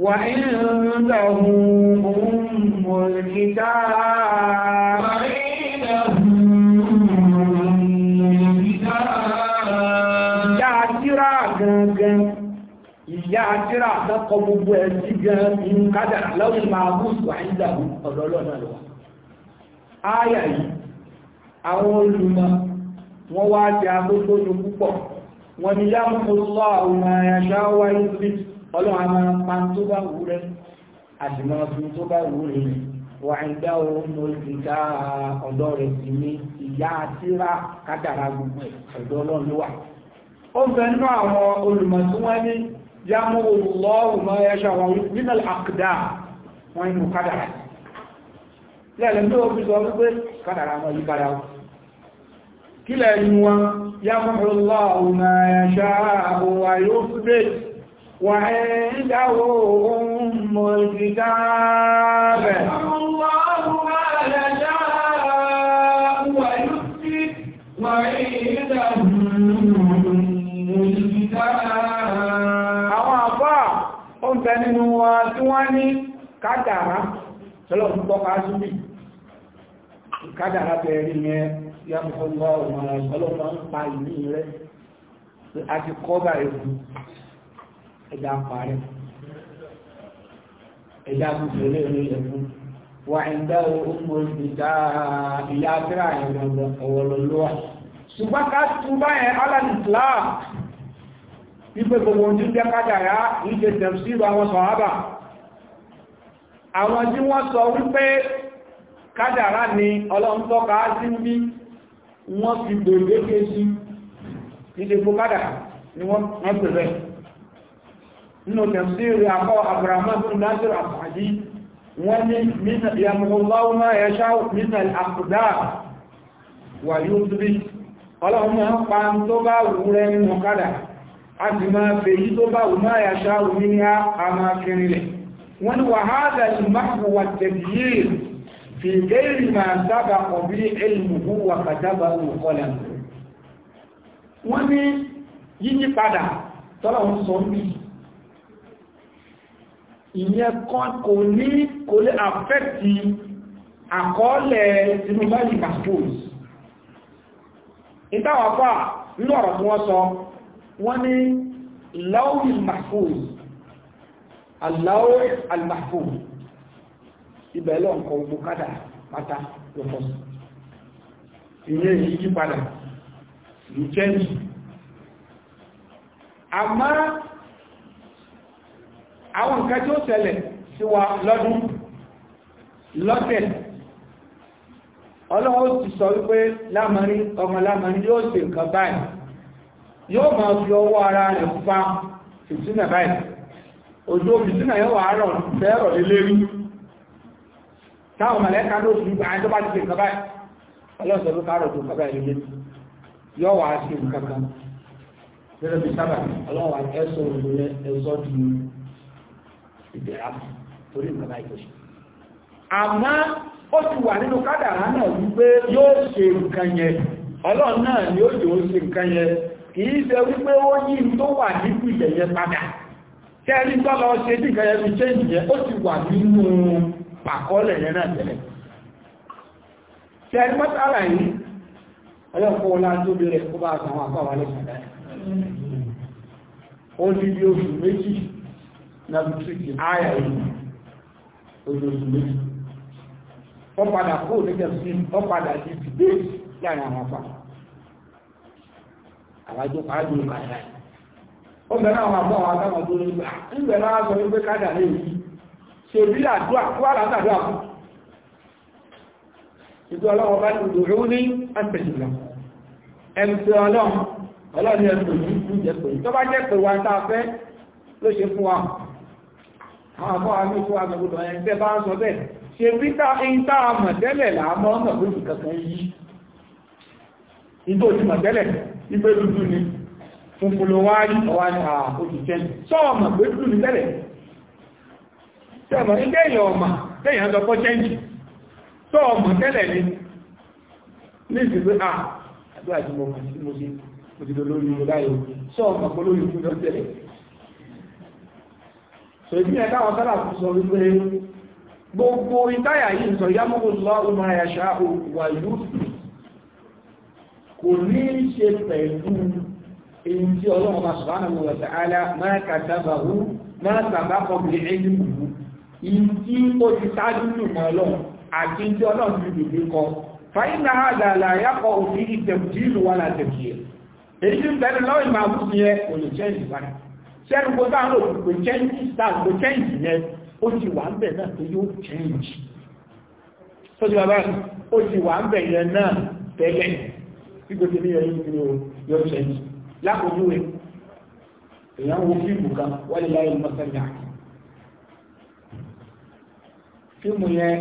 وعنده أم الكتاب ìyá àtírà àtọ́kọ gbogbo ẹ̀sí gan inú kádà lọ́wọ́ máa búùsù àìdàbù ọ̀dọ́lọ́nà lọ. ááyà yìí àwọn olùmọ̀ wọ́n wá jẹ́ agbótónú púpọ̀ wọ́n ni yá mú lọ́wọ́ àwọn àyàṣáwá ìsìnkú ọlọ́run a máa pa tó bá wù rẹ̀ àdìmọ́ ọdún tó bá wù rẹ̀ wà ń dá ohun olùdíjà ọ̀dọ́ rẹ̀ sí ní ìyá àtìrà kádàrà gbogbo ọ̀dọ́ ọlọ́run ló wà ó ń bẹ nínú àwọn olùmọ̀ tí wọ́n ní yàmú olùlọ́rùn kílẹ̀ inú wọn yàmú olùlọ́rùn mọ́ ẹṣọ́ àwọn yóò fi bẹ́ẹ̀ وعنده أم الكتاب الله ما يشاء ويثبت وعنده أم الكتاب àwọn àbá ó ń tẹ nínú wa tí wọ́n ní kádàrá tọ́lọ̀ ń gbọ́ka síbí kádàrá bẹ̀rẹ̀ yẹn ya ọlọ́pàá ń pa ìní rẹ̀ àti kọ́ bá ẹ̀kùn ẹ̀dá parẹ́ ẹ̀dá mùsùlùmí ìrìnlẹ̀ fún wà ẹ̀dá ọmọ ìgbìta ìyá tíra ẹ̀rọ ọ̀wọ̀lọ́lọ́wà ṣùgbọ́n ká túbá ẹ̀ alàdìsílá wípé gbogbo ojú jẹ́ kádàrá ìṣe tẹ̀síru àwọn sọ̀hábà àwọn tí wọ́n sọ wípé kádàrá ni ọlọ́ntọ́ka sí ń bí wọ́n fi nínú tẹ̀sírí àkọ́ abrahaman bin nasir al-mahdi wọ́n ní yàmùláwó máa yẹ ṣáwò nínú àkùdá wà yóò tóbi ọlọ́run máa ń pa tó bá wù rẹ̀ nínú kádà a sì máa fèyí tó bá wù máa yẹ ṣáwò nínú a máa kìrìnlẹ̀ wọ́n ní fi gẹ́rì máa sábà ọ̀bí ẹlùmùkú wà kàtàbà òkọlẹ̀ wọ́n ní padà tọ́lọ̀ ń sọ ń ìyẹn kan kò ní kò lè àfẹ́kì àkọọ́lẹ̀ sinimali campus ìtawàfà nínú ọ̀rọ̀ tí wọ́n sọ wọ́n ní láwí mahfuz aláwí almahfuz ìbẹ̀lẹ̀ ọ̀kọ̀ ògbókádà pátá lọ́pọ̀ ìyẹn yìí padà lùjẹ́ni àmá àwọn nǹkan tí ó ṣẹlẹ̀ sí wa lọ́dún lọ́tẹ̀ ọlọ́wọ́ ti sọ wípé lámarí ọmọ lámarí yóò ṣe nǹkan báyìí yóò máa fi ọwọ́ ara rẹ̀ pa fìtínà báyìí òjò fìtínà yóò wà rọ̀ fẹ́rọ̀ lélérí táwọn mọ̀lẹ́ka ló fi gbà tó bá ti ṣe nǹkan báyìí ọlọ́sọ̀ ló kárọ̀ tó nǹkan báyìí lélé yóò wà ṣe nǹkan kan lẹ́rọ̀ fi sábà ọlọ́wà ẹ̀sọ̀ òjò rẹ̀ ẹ̀sọ́ ti ìgbéyàwó torí nǹkan láì tó ṣe ó ti wà nínú kádàrá náà wípé yóò ṣe nǹkan yẹn ọlọ́run náà ni ó yóò ṣe nǹkan yẹn kìí ṣe wípé ó yí tó wà nípò ìṣẹ̀yẹ padà kẹ́rin tó lọ ṣe ìyẹn ó ti wà nínú láti tírìkì àyà yìí oṣooṣù méjì wọ́n padà kó nígbà sí wọ́n padà di debate láàrin àwọn afa àwájú àjò kàdà ó bẹ̀rẹ̀ àwọn àbọ̀ àwọn akáwọn tó ní gbà ń bẹ̀rẹ̀ àwọn sọ wípé kàdà lè yí ṣe bí àdúrà kó àlàtàdúrà kù ìtò ọlọ́wọ́ bá ní ìdòrò ní àpẹ̀sìlọ ẹ̀mùsọ ọlọ́run ọlọ́run ẹ̀mùsọ yìí jẹ́ pé tó bá jẹ́ pé wa ń tàfẹ́ ló ṣe fún wa àwọn àbọ̀ àmì ìfọ́ àgbẹ̀gbọ̀dọ̀ ẹ̀ tẹ́ bá a mọ̀ tẹ́lẹ̀ láàmọ́ ọmọ lórí kankan yìí igbó ti tẹ́lẹ̀ ni funfun ló wá rí ọwá ní àkójútẹ́ ni tẹ́lẹ̀ tẹ́mọ̀ ilé èèyàn ọmọ tẹ́yàn lọ fọ́ chẹ́ǹjì sọ́ọ̀mọ̀ tẹ́lẹ̀ ni ní ìsìnkú à àdúrà tí mo mọ̀ sí mo sí mo ti lọ lórí mo láyé sọ́ọ̀mọ̀ tẹ́lẹ̀ ṣèbí ẹ̀dá wọn sára fún sọ wípé gbogbo ìdáyà yìí sọ yámúrò lọ́rùn àyàṣà wà yóò kò ní ṣe pẹ̀lú èyí tí ọlọ́run bá subhanahu wa ta'ala máa kàtàbàrú máa tàbá kọ̀bí ẹni wù ìyí tí ó ti sáájú nìmọ̀ ọlọ́run àti tí ọlọ́run ti dìde kọ àdàlà yàkọ̀ òfin ìtẹ̀kùtì ìlú wà látẹ̀kì ẹ̀ èyí ń bẹ̀rẹ̀ lọ́wọ́ ìmọ̀ àbúrú olùjẹ́ ìbára sẹ́nu kó bá rò pé change start pé change yẹn ó ti wà ń bẹ̀ náà tó yóò change tó ti bàbá ó ti wà ń bẹ̀ yẹn náà tẹ́lẹ̀ bí gbogbo ní ẹ̀yìn ní yóò change lákòókò rẹ̀ èèyàn wo fíìmù kan wọ́n láyé mọ́sánì àti fíìmù yẹn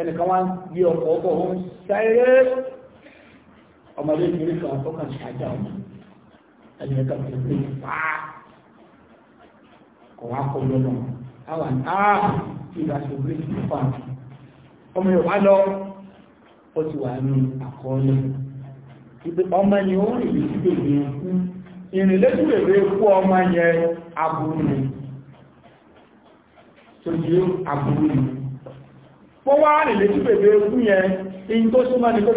ẹnìkan wá gbé ọkọ̀ ọkọ̀ ọ̀hún sáré ọmọdé ìgbèríkan ọkàn ṣáájà ẹni ẹ̀ka tó gbé fà á kò wá kó lọ́nà àwọn àá tí ìgbà tó gbé fà á ọmọ yorùbá lọ ó ti wà ní àkọọ́lẹ̀ ìpè ọmọ ni ó rìn sí bèbè ikú ìrìn lójú bèbè ikú ọmọ yẹn aburú ni tó yẹ aburú ni wọ́n wá rìn lójú bèbè ikú yẹn in tó súnmọ́ ni tó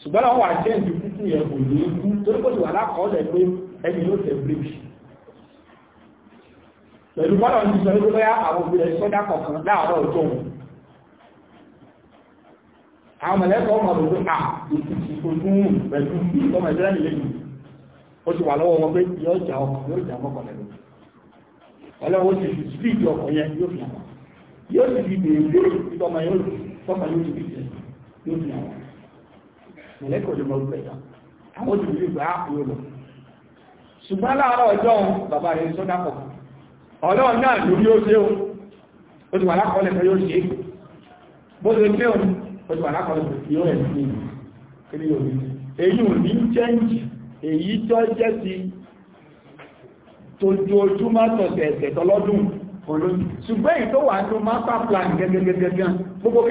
ṣùgbọ́n àwọn àjẹ́ ìdí títí yẹn kò ní kú torí kò sì wà lákọọ́lẹ̀ pé ẹni ló tẹ̀ bíríkì pẹ̀lú bọ́lọ̀ ní sọ wípé àwọn obìnrin sọ́dá kọ̀ọ̀kan láàárọ̀ ọjọ́ òun àwọn mọ̀lẹ́kọ̀ọ́ ọmọ ọdún à ìsìnkú ojú pẹ̀lú mọ̀ gbẹ̀dá àwọn olùdíje gbà á lọ ṣùgbọ́n láàárọ̀ ọjọ́ òun bàbá rẹ̀ sọ́dá pọ̀ ọlọ́run náà lórí ó ṣe ó ó ti pé yóò ṣe é bó ṣe pé òun ó ti pé yóò rẹ̀ sí ní èyí tó jẹ́ ti tójóojúmọ́ ṣùgbọ́n èyí tó wà ní master plan gẹ́gẹ́gẹ́gẹ́ gbogbo kí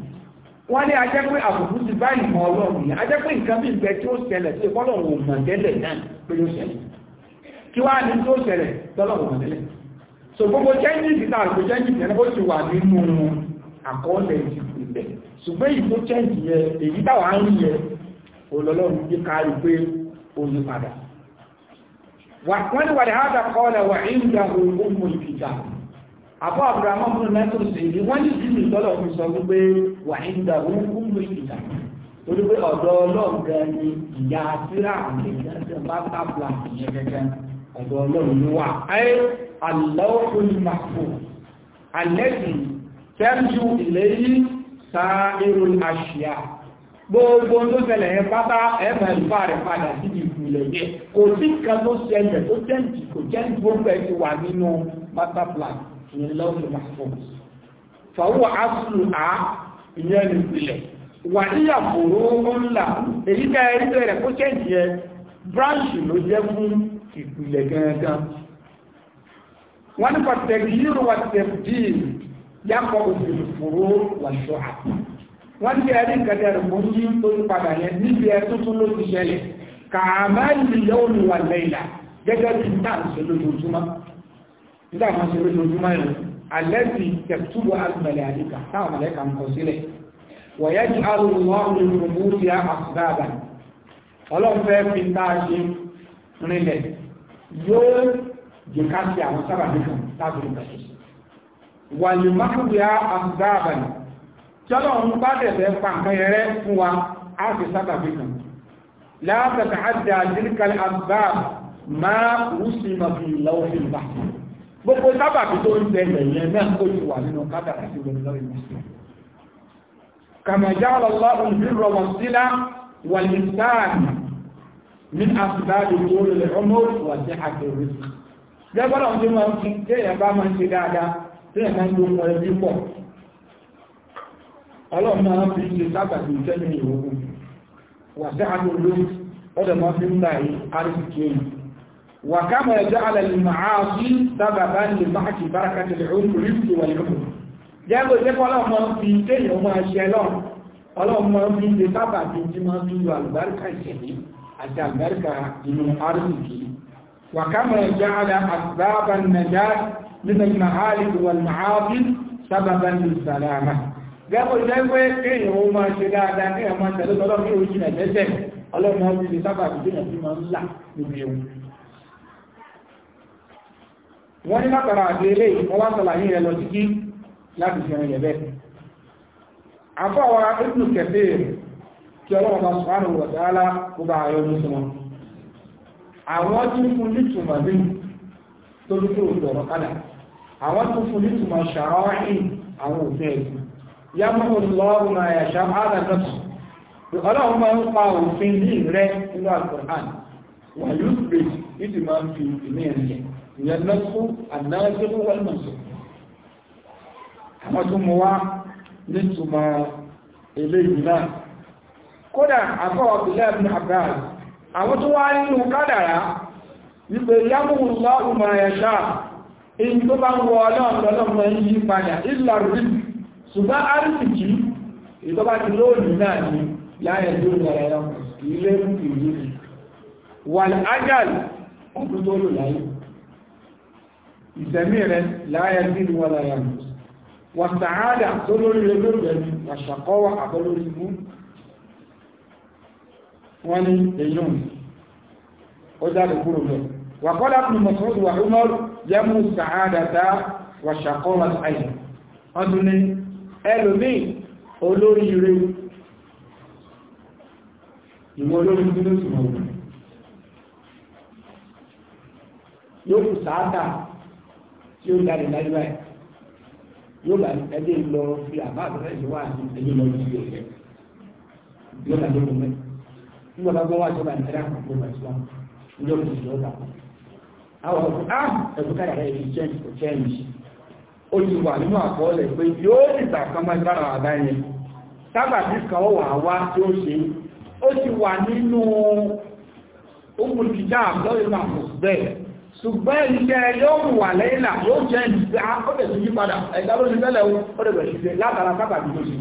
wọ́n ní ajẹ́ pé àbùkù ti bá ìmọ̀ ọlọ́run yìí ajẹ́ pé nǹkan bí ìgbẹ́ tí ó ṣẹlẹ̀ sí ìfọ́lọ̀run òmọ̀ tẹ́lẹ̀ náà pé ó ṣẹlẹ̀ kí wá ní tó ṣẹlẹ̀ tọ́lọ̀run òmọ̀ tẹ́lẹ̀ so gbogbo changes náà kò changes yẹn ó ti wà nínú ní wàdí hádà kọ́ọ̀lẹ̀ wà àbọ̀ àbúrámọ́ fún mẹ́tún sí ní wọ́n ní ìdílé lọ́lọ́ fún sọ wípé wà ní ìdà òun ló ìdà torí pé ọ̀dọ̀ ọlọ́ọ̀gá ni ìyá síra àmì ìdájọ́ bá tábìlà ìyẹn gẹ́gẹ́ ọ̀dọ̀ ọlọ́run ló wà ayé àlọ́ọ̀kùn màfò àlẹ́sì tẹ́jú ilé yìí sa irú àṣìyà gbogbo tó ṣẹlẹ̀ yẹn pátá ẹ̀mọ̀ ìfà rẹ̀ padà sí ìpìlẹ̀ yẹn kò sí kan tó ṣẹlẹ̀ tó jẹ́ ìjì kò jẹ́ ìgbóngbẹ̀ ti wà nínú masterplan ìyẹn lọ́wọ́ mahfuz fàwọ́ asùlù á ìyẹn ní ìpìlẹ̀ wà níyà fòró ńlá èyí ká ẹrí bẹ̀rẹ̀ kó ṣẹ́jì ẹ branch ló jẹ́ fún ìpìlẹ̀ gangan wọ́n ní pàtàkì yíò wà tẹ̀bí yàpọ̀ òfin fòró wà ṣọ́à wọ́n ní ẹrí kẹtẹ̀rẹ̀ mọ́ yí tó ń padà yẹn níbi ẹ tuntun ló ti ṣẹlẹ̀ kàmáìlì yóò ní wà lẹ́yìn gẹ́gẹ́ bí táà ń ṣe lójoojúmọ́ nígbà kan ṣe lójoojúmọ́ yẹn alẹ́bí tẹ̀túbọ̀ alùmọ̀lẹ̀ àdìkà táwọn mọ̀lẹ́kà ń kọ sílẹ̀ wọ̀yẹ́jì arúgbọ́n ìrùmú ti àkùdáàbà ọlọ́fẹ́ fi táa ṣe rinlẹ̀ yóò jùká sí àwọn sábàbí kan tábí ìgbàṣẹ́ wàlì mákùnrin àkùdáàbà ni tí ọlọ́run bá dẹ̀fẹ́ pa gbogbo sábàbí tó ń bẹ ẹ̀yẹ náà ó ti wà nínú kádàrà sí orí lọ́rọ̀ ìmọ̀sílẹ̀ kàmẹ̀já ọlọ́lọ́ òǹfìrọ̀ wọn sílá wà ní sáàmì ní àfìbáàdì tó lè ọmọ òwà jẹ́ àgbèrè gẹ́gbọ́n ọdún máa ń fi téèyàn bá máa ń ṣe dáadáa téèyàn máa ń lo وكما جعل المعاصي سببا لبعث بركة العمر والعمر jẹ́gbẹ̀ jẹ́kọ́ ọlọ́mọ fi kéèyàn máa ṣe lọ́n ọlọ́mọ fi lè sábà bí i máa fi lọ àlùbáríkà ìṣẹ̀lẹ̀ àti àlùbáríkà inú arìnrìnkì وكما جعل أسباب النجاة من المهالك والمعاصي سببا للسلامة jẹ́gbẹ̀ jẹ́gbẹ̀ kéèyàn máa ṣe dáadáa kéèyàn máa ṣẹlẹ̀ ọlọ́mọ fi lè sábà bí i máa ń là nínú ewu wọ́n ní látara àti ilé wọ́n sàlàyé lọ títí láti fi ẹ̀rẹ̀ bẹ́ẹ̀. àfọwà ìpínlẹ̀ kẹfẹ́ kí ọlọ́wọ́ bá sùhánù wọ̀tàálá kó ní súnmọ́ àwọn tún fún nítùmọ̀ ní tó ní tọ̀rọ̀ kádà àwọn ya ìyẹn lọ́kú àdáyébú wọ́lmọ̀sọ̀ àwọn tó mọ́ wá nítumọ̀ ilé ìgbìnà kódà àkọ́wà pìlẹ̀ ẹ̀bùn àbáàlì àwọn tó wá nínú kádàrá wípé yámùrùlá ọmọ ẹ̀ṣà in tó bá ń wọ ọlọ́ọ̀lọ́lọ́mọ yí padà ìlà rí ṣùgbọ́n àríkìkì ìjọba ti lóòrùn náà ni láyẹ̀ lóòrùn ẹ̀rọ ilé ìlú wà ájàlì ọdún tó lò láyé ìsẹ̀mí rẹ̀ láyé nínú wọn láyé àmì wàtàádà tó lórí rẹ̀ ló bẹ̀rù àṣàkọ́wà àbọ́lórí mú wọ́n ní èyàn ó jáde kúrò lọ wàkọ́lá kùn mọ̀sọ́dù wà rúmọ́rù yẹmú sàádàtà wàṣàkọ́wà àyè wọ́n tún ire ẹlòmíì olórí rẹ̀ ìwọ olórí nínú ìwọ̀n yóò kù sáádà tí ó jáde láyé báyìí yóò bá ẹdí lọ fi àbá àtẹ̀sí wá àti lọ sí ẹ̀jẹ̀ yóò bá lóko mẹ́ nígbà bá gbọ́ wá sọ́ba ìtẹ́lẹ̀ àkókò bá sí wa níjọ́ kò sí ọ̀gá àwọn ọ̀gá á ẹ̀kọ́ káyà rẹ̀ yìí change for change ó ti nínú àkọọ́lẹ̀ pé yóò dìgbà kan máa dára àbá yẹn sábà tí kan wà wá tí ó ṣe ó ti wà nínú ó mú ìjà àbúrò ìlú àkókò bẹ́ẹ̀ ṣùgbọ́n iṣẹ́ yóò wà lẹ́yìnlá yóò jẹ́ ìṣẹ́ àkọ́bẹ̀ sí yípadà ẹ̀dá ló ti tẹ́lẹ̀ ó dẹ̀ bẹ̀rẹ̀ ṣe látara sábàbí tó ṣe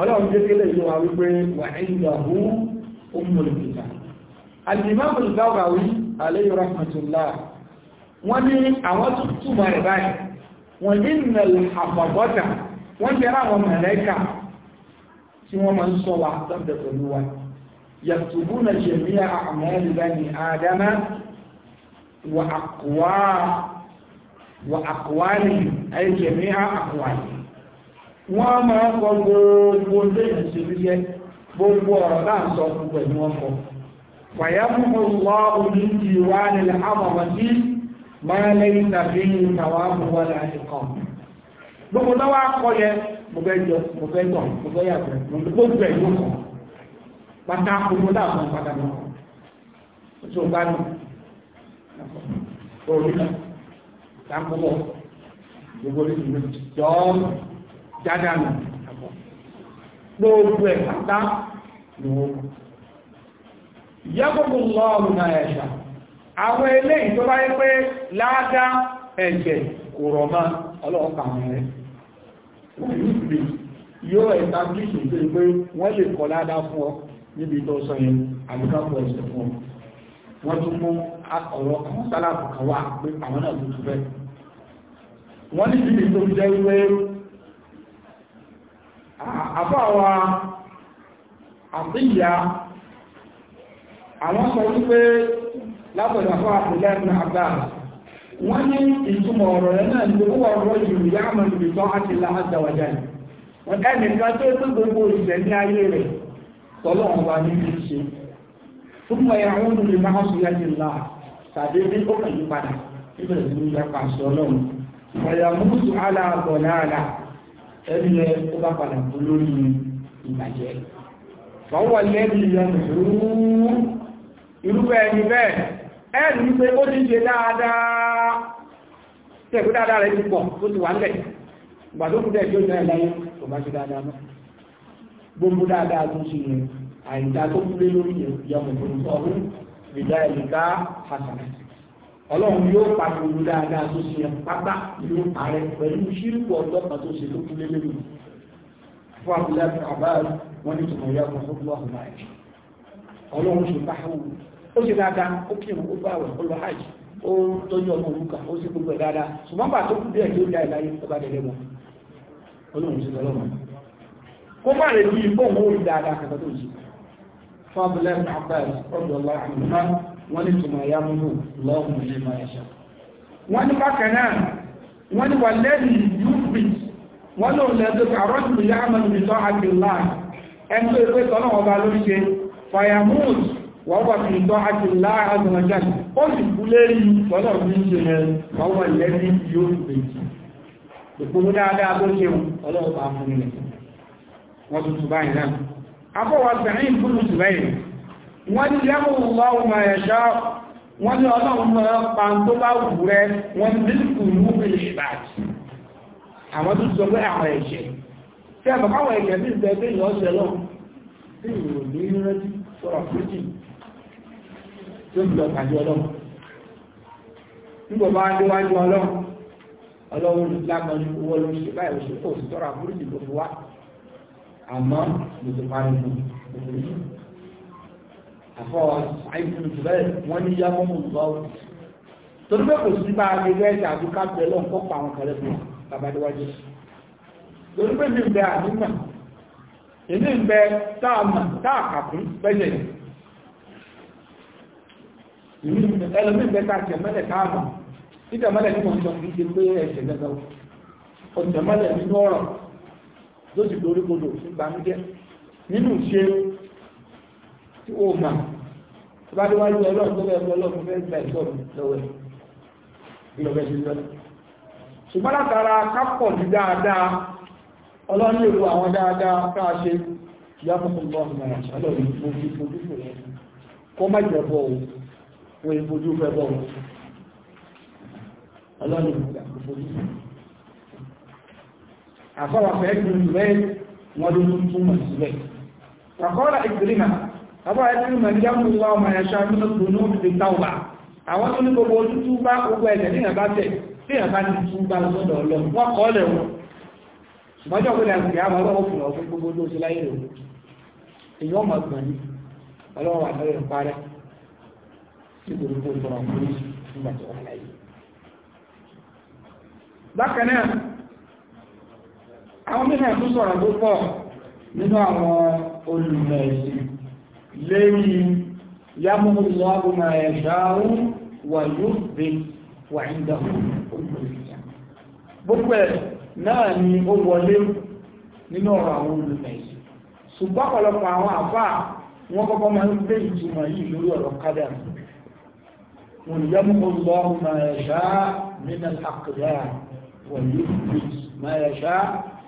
ọlọ́run jẹ́ kí lẹ́yìn wa wípé wà tí wọ́n máa ń sọ wa tọ́bẹ̀ pẹ̀lú wa yàtùbú jẹ̀míyà àmọ́ وأقوى وأقواله أي جميع wọ́n máa kọ gbogbo lẹ́yìn sí rí ihe gbogbo ọ̀rọ̀ náà sọ gbogbo ẹ̀mí wọn kọ fàyàmùkù ti wá nílẹ̀ sí tàbí ìtàwà gbogbo kọ orí ìtàkùnbọ̀ gbogbo orí ìlú ẹ̀ pátá ni yẹ́gbogbo lọ́ọ̀rùn náà ẹ̀ṣà àwọn ilé ìjọba yẹ́ pé láádá ẹ̀jẹ̀ kò rọ̀ máa ọlọ́ọ̀pàá rẹ̀ yóò wọ́n lè kọ̀ ládá akọ̀rọ̀ kan sálàpù wà pé àwọn náà tuntun bẹ́ẹ̀ wọ́n ní sí ìlú jẹ́ wípé àbáwa àbíyà àwọn sọ wípé látọ̀dà fún wọ́n ní ìtumọ̀ ọ̀rọ̀ rẹ̀ náà ní owó ọ̀rọ̀ yìí yá mọ̀ níbi àti láàájá wájá wọ́n ká nìkan tó tó gbogbo ní ayé rẹ̀ tọ́lọ́wọ́n ní fún mọ̀ tàbí bí ó kàn yí padà nígbà tí ó yẹ pàṣẹ ọlọ́run fàyàmúsù aláàbọ̀ láàlá ẹni yẹ ó bá padà kú lórí ìbàjẹ́ wọ́n wà lẹ́bi ìyẹn irúfẹ́ ẹni bẹ́ẹ̀ ẹ̀rù wípé ó ti ṣe dáadáa tẹ̀kú dáadáa rẹ̀ ti pọ̀ tó ti wà lẹ̀ ìgbà tó kú tẹ̀kú náà láyé kò bá ṣe dáadáa náà gbogbo dáadáa tó ṣe yẹn àìdá tó kú ìdá ìlúdá àtàlẹ́ ọlọ́run yóò pa gbogbo dáadáa tó ṣe pátá yóò parẹ́ pẹ̀lú ṣírùkù ọjọ́ kan tó ṣe tó kúlé lẹ́nu fún abúlé àbáyé wọn ní tòmọ̀ ìyá ọkọ̀ fún ọ̀hún náà ọlọ́run ṣe bá wù ó ṣe dáadáa ó kírun ó bá wẹ̀ ó lọ hajj ó tọ́jú ọmọ òrùka ó sì gbogbo ẹ̀ dáadáa ṣùgbọ́n bàtó kú díẹ̀ yóò dá ìláyé ọba tó ṣe fábílẹ̀ abbas ọ̀dọ̀lá Allah. wọ́n ní tùmọ̀ ya mú lọ́wọ́ ilé máa ẹ̀ṣà wọ́n ní bákan náà wọ́n ní wà lẹ́yìn yúbì wọ́n lòun lẹ́dọ̀ àrọ́jù ya mọ̀ nìtọ́ àgbìlá ẹni tó ẹgbẹ́ tọ́nà ọba ló ṣe fayamud wọ́n wà fi nìtọ́ àgbìlá azọ̀nàjà ó sì kú lérí tọ́nà ní afọ́wà sẹ̀rin fúnnù sùmẹ́yìn wọ́n ni yẹ́mù lọ́wọ́ ma ẹ̀ṣá wọ́n ni ọlọ́run mọ́ pa tó bá wù rẹ wọ́n ni kùrú ìlèbàtì àwọn tó sọ pé àwọn ẹ̀ṣẹ̀ tí a bàbá àwọn ẹ̀ṣẹ̀ bí ìgbẹ́ pé ìyọ́ ṣe lọ sí ìrò ní rántí sọ̀rọ̀ fújì tó ń lọ pàdé ọlọ́run àmọ́ mo ti parí fún un àfọwọ́ àìsàn ìbẹ́ẹ̀ wọ́n ní yámọ́ mọ̀ lọ́wọ́ torí pé kò sí bá a lè rẹ́ẹ̀dì àdúgbò bẹ́ẹ̀ lọ́n kọ́ pa àwọn kẹrẹ́ fún babadéwájú torí pé mi bẹ àdúgbò èmi ń bẹ táàmà táàkàkún bẹ́yẹ̀ ẹlòmí ń bẹ káàkiri mẹ́lẹ̀ káàmà títẹ̀ mẹ́lẹ̀ ní mọ̀ ń sọ ló sì lórí kodò sí gbanújẹ́ nínú ṣe tí ó mà tó bá déwájú ọlọ́run tó bẹ́ẹ̀ ọlọ́run fẹ́ gba ẹ̀tọ́ lọ́wọ́ ẹ̀ bí lọ́fẹ́ sí lọ́wọ́ ṣùgbọ́n látara kápọ̀ ní dáadáa ọlọ́run lè wo àwọn dáadáa káà ṣe ìyá fúnfún lọ́run náà ṣálọ́run mo fi fojú fò yẹn kó má jẹ bọ́ o wọ́n ìfojú fẹ́ bọ́ o ọlọ́run ìfojú fò àfọwọ́ fẹ́ ju bẹ́ẹ̀ wọ́n ló tún túmọ̀ síbẹ̀. Kàkọ́lá ìgbìrìmà, àbọ̀ ìgbìrìmà ní Yàmùlá ọmọ ẹ̀ṣọ́ àmúlò gbòòrò ti táwà. Àwọn tó ní gbogbo ojú túbá gbogbo ẹ̀jẹ̀ ní ìyàbá tẹ̀, tí ìyàbá ti túbá lọ́dọ̀ ọlọ́run, wọ́n kọ́ lẹ̀ wọn. Ṣùgbọ́jọ́ pé láti àwọn ọlọ́run fún ọ̀fún gbogbo ló ṣe láyé rẹ̀. Èyí ọmọ ọgbọ̀n ni, ọlọ́run wà lọ́rẹ̀ parẹ́. Nítorí pé ó tọrọ fún nígbà tó wà láyé. Bákan náà, àwọn mìíràn tó sọ̀rọ̀ tó pọ̀ nínú àwọn olùmọ̀ ẹ̀sìn lérí yámúlò ọgbọ̀n ẹ̀ṣàáwú wà yóò bẹ wà ìdáhùn olùmọ̀ gbogbo ẹ̀ náà ni ó wọlé nínú ọ̀rọ̀ àwọn olùmọ̀ ẹ̀sìn ṣùgbọ́n ọ̀pọ̀lọpọ̀ àwọn àfáà yìí máa ẹ̀ṣá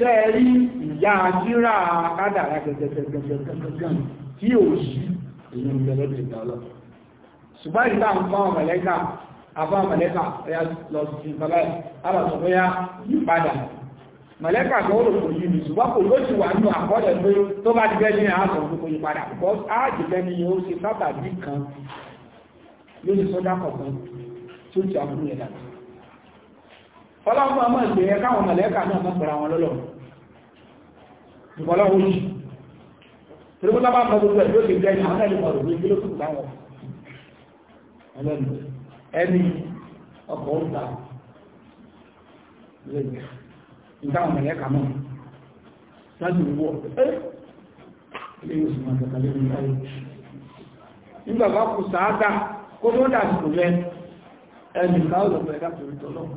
tẹ́ ẹ rí ìyá síra kádàrá gẹ̀gẹ̀gẹ̀gẹ̀gẹ̀gẹ̀ tí ò sí èyí ìbẹ̀rẹ̀ ìgbà lọ ṣùgbọ́n ìgbà ń fọ́ ọmọlẹ́ka afọ́ ọmọlẹ́ka ẹ̀yà lọ sí ìfọ́lá alàtọ̀ pé yá ìpadà mọ̀lẹ́ka tó ó lòkò yìí ṣùgbọ́n kò ló ti wà nínú àkọọ́lẹ̀ pé tó bá ti bẹ́ ní àásọ̀ òkú ìpadà bọ́ áàjẹ̀lẹ́ ni ó ṣe sábàbí kan lórí sọ́dá kọ̀ọ̀kan tó ti àbúrú ẹ̀dàgbà fọ́láwọ́ máa gbé ẹ káwọn mọ̀lẹ́kà náà mọ́ pẹ̀lú àwọn lọ́lọ́ ìfọ́láwọ́ yìí tìrìbọ́lá bá mọ́ gbogbo ẹ̀dọ́ ti jẹ́ ìhàn ẹ̀lú ọ̀rọ̀ ní kíló kùn láwọn ẹlẹ́nu ẹni ọkọ̀ ń ta lẹ́yìn ìtàwọn mọ̀lẹ́kà náà láti wọ́ ẹ́ ilé yóò sì máa tẹ̀ka lẹ́nu láyé nígbà bá kù sáádà kó tó dà sí kò lẹ́ ẹnì káwọn lọ́pọ̀ ẹ̀dá torí tọ́lọ́pọ̀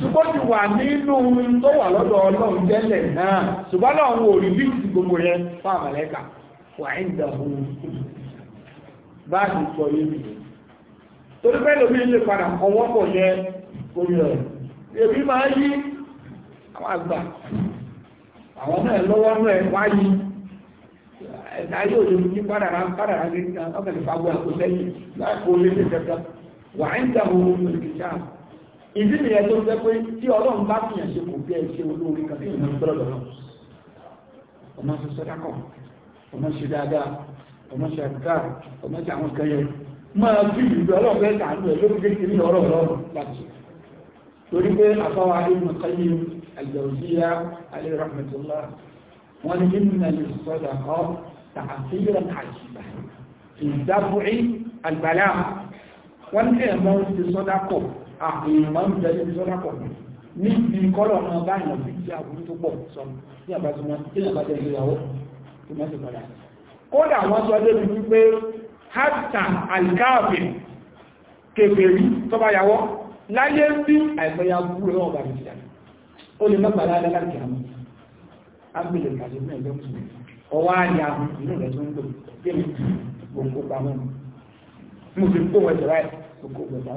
ṣùgbọ́n ti wà nínú tó wà lọ́dọ̀ ọlọ́run tẹ́lẹ̀ náà ṣùgbọ́n lọ́run ò rí bíi ti gbogbo yẹn fún àmàlẹ́kà wà ń dàbò báàgì sọ yìí torí pẹ́ lómi ilé padà ọwọ́ pọ̀ yẹ orí rẹ̀ èmi máa yí àwọn àgbà àwọn náà lọ́wọ́ náà wáyé ẹ̀dá yóò lè ní padà rán padà rán ní ọkàn ìfagbọ́ ẹ̀kọ́ sẹ́yìn láìpọ̀ lé ìdí nìyẹn tó jẹ́ pé tí ọlọ́run bá fi yàn ṣe kò bí ẹ ṣe olóore kan sí ìyàn tọ́lọ̀ lọ́wọ́ ọmọ ṣe sọ́dákọ̀ ọmọ ṣe dáadáa ọmọ ṣe àbúkà ọmọ ṣe àwọn kẹyẹ máa bí ìlú ọlọ́fẹ́ sàánú ẹ̀ lórí kékeré ọ̀rọ̀ ọlọ́run láti torí pé àfọwà ibùn ìdábùí àgbàlá wọn ní ẹ̀mọ́ ti sọ́dákọ̀ àkùnrin máa ń jẹ́ níbi sọ́nà pọ̀ níbi kọ́lọ̀ náà báyìí ọ̀sẹ̀ tí àbúrú tó pọ̀ sọ ní àbájúmọ́ tí àbájẹ́ ìgbéyàwó tó mọ́ sí padà kódà wọ́n sọ débi wípé hátà àìkáàfẹ́ kèfèrí tọ́bá yàwó láyé ń bí àìfẹ́yà búrú lọ́wọ́ bá nìjà ó lè mọ́ pàdá alẹ́ láti àmì ágbèlè kàṣẹ fún ẹgbẹ́ mùsùlùmí ọwọ́ àyà inú rẹ̀ tó ń gbò gbèmí gbòǹgbò pamọ́ mo fi kó wẹ̀ jẹ́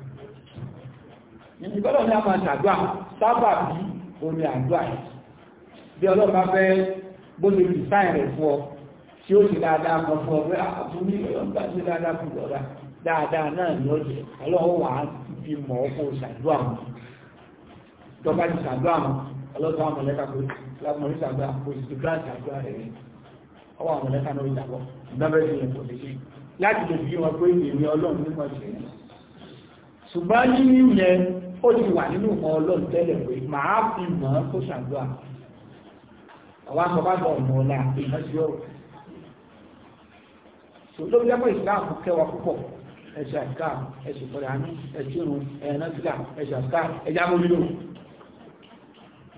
ìgbọ́lọ̀ ní a máa ṣàdúà sábà bí omi àdúà bí ọlọ́pàá fẹ́ gbóni ìsáì rẹ̀ fún ọ tí ó sì dáadáa kan fún ọ pé àbúrí ọgbà sí dáadáa fún ọ̀dá dáadáa náà ni ó jẹ ọlọ́run wà á fi mọ̀ ọ́ fún ṣàdúà wọn tọ́ba ti ṣàdúà wọn ọlọ́pàá mọ̀lẹ́ka kò lábọ̀rí ṣàdúà kò sì ti gbá ṣàdúà rẹ̀ ọwọ́ mọ̀lẹ́ka náà ìjàbọ̀ ìdábẹ́sí yẹn kò lè láti lè fi wọn pé ìrìn ọlọ́run nípa ṣe ṣùgbọ́n ó ti wà nínú nǹkan ọlọ́run tẹ́lẹ̀ pé màá fi mọ̀ ọ́n kó ṣàdúrà àwọn akọ̀bàbà ọ̀nà ọ̀la èèyàn ọ̀rọ̀ tó ló jẹ́ pé islam kẹwàá púpọ̀ ẹ̀ṣẹ̀ àká ẹ̀ṣẹ̀ pẹ̀lú àánú ẹ̀ṣẹ̀rù ẹ̀ẹ̀nàtìlà ẹ̀ṣẹ̀ àká ẹ̀ṣẹ̀ amójúlò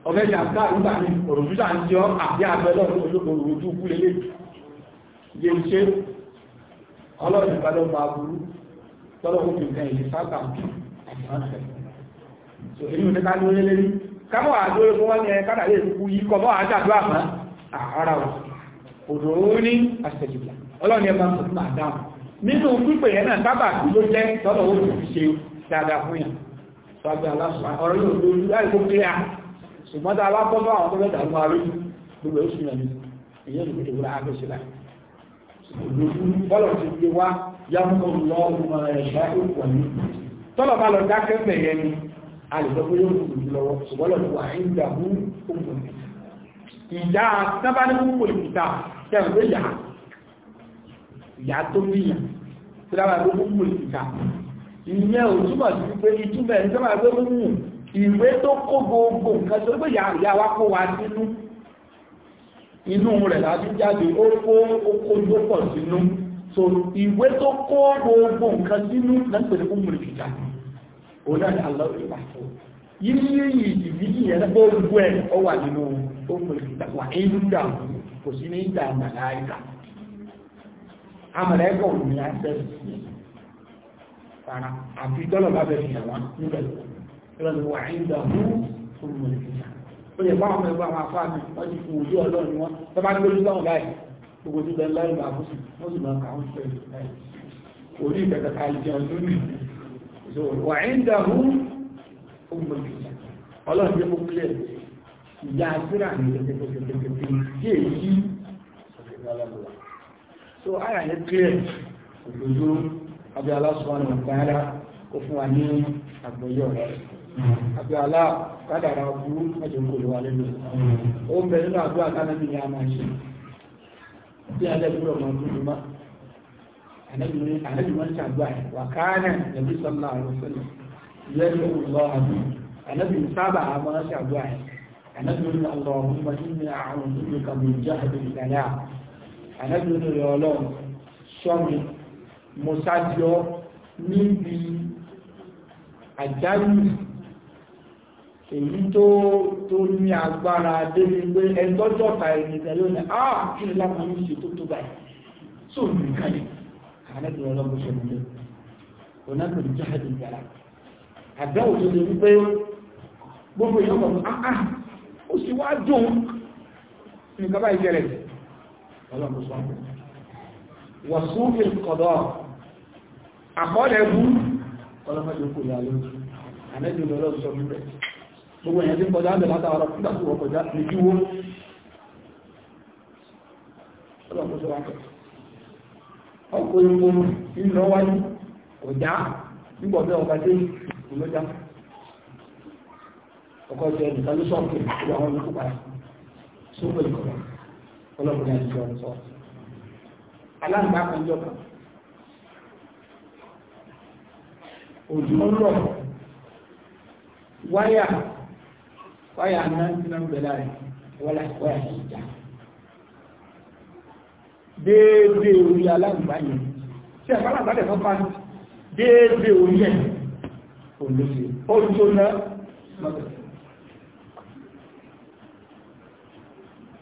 ọ̀fẹ́ ẹ̀ṣẹ̀ àká nígbà ní òrùbíṣà ń jọ àbí abẹ́lọ́ olóòrùjú kúlélé yé iṣẹ́ ọlọ́run ìbálòpọ̀ aburú tọ́lọ́kùnkùn kan ìlú sábà àti ọ̀nà so èyí òní ká lórí lérí kámọ́ àdórí fún wọ́n yẹ kádà lè kú yí kọ́ mọ́ àjàdúrà mọ́ àárá wọn òdò ó ní àṣẹjìlá ọlọ́run yẹn máa ń fún àdáhùn nínú pípè yẹn náà sábà tí ló jẹ́ tọ́lọ̀ ó fi ṣe dáadáa fún yàn sọ́gbẹ́ aláṣọ ọ̀rọ̀ yóò lórí láì kó pé a ṣùgbọ́n tá a bá bọ́ bá àwọn tó lọ dákẹ́ bẹ̀yẹ ni a yóò kù jù lọ́wọ́ ṣùgbọ́n lọ́pọ̀ wà ń gbà mú òkùn ìyá sábà ní púpọ̀ ìpìta tẹ́rù ìyá ìyá tó níyà tí lábà ló púpọ̀ ìyẹ́ ò sí pé ìtúbẹ̀ ní sábà ìwé tó kó gbogbo nǹkan sínú òun náà ni aláwọ̀ ìgbà tó yíyí ìdìbí yẹn gbogbo ẹ̀ ọ wà nínú òfin ìgbà wà nínú dàmú kò sí ní ìdà màláìkà amàláìkà òun ni àṣẹ́sì sí rárá àfi tọ́lọ̀ bá bẹ̀rẹ̀ yẹn wá níbẹ̀ lọ́nà wà nínú dàmú òun ìgbà ó yẹ báwọn ọmọ ẹgbẹ́ àwọn afá mi wọ́n ti fún ojú ọlọ́run ni wọ́n tó sì máa kà á ń pẹ̀lú orí ìgbẹ̀kẹ̀kẹ̀ àìjẹun lónìí so wà ń dàrú ọmọ ìgbà ọlọ́run ìyá àdúrà ní ẹgbẹ̀gbẹ̀gbẹ̀ tí èyí so ara yẹ kílẹ̀ òdòdó abẹ́ ní alá kádàrà ọkùnrú mẹ́jọ kò lè wà lẹ́nu ó bẹ̀rẹ̀ a ṣe bí alẹ́ ànábì wọn ṣàdúrà wà káánà nàbí sọ́nà àrùsọ́nà yẹ́nu lọ́ọ̀dù ànábì sábà àwọn ṣàdúrà ànábì ní ọlọ́run wọn ní àwọn ìlú kàmù jáde ìdàlá ànábì ní ọlọ́run sọ́mi mọ́sájọ́ níbi àjálù èyí tó tó ní agbára débi pé ẹgbọ́jọ́ta ẹ̀yìn tẹ̀lé ní àà ah, kí ni láwọn ń ṣe tó tó báyìí sóòrùn nìkan yìí àrẹ́bìnrin ọlọ́gbọ́n ṣe mú lé onáàbò ní jáde ìgbàlá àdáwò tó lè wípé gbogbo èèyàn kọ̀ áá ah, ah, ó sì wá dùn nǹkan bá ìjẹ́rẹ̀ ọlọ́gbọ́n sọ wọ̀súnfin kọ̀dọ̀ àkọọ́lẹ̀ bú ọlọ́mọdé kò yà lójú àrẹ́bìnrin ọlọ́gbọ́n sọ mú lé gbogbo èèyàn tí kọjá bẹ̀ látàwọn ọlọ́pàá tó wọ́n kọjá lójú wó ọlọ́gbọ́n sọ wá ọkọ̀ ìpò ìlọ wáyé ọ̀dá nígbọ̀ bẹ́ ọ̀gá dé ìlọ́já ọkọ̀ ìjọ ẹnìkan ló sọ̀kè ìwà wọn lókù padà sókè ìkọ̀rọ̀ ọlọ́pàá ìjọ ọ̀rọ̀ sọ aláǹgbá déédé orí alágbàáyé tí ẹ̀fà alágbàáyé fọ́n pàánù déédé orí ẹ̀ olóṣè olóṣòná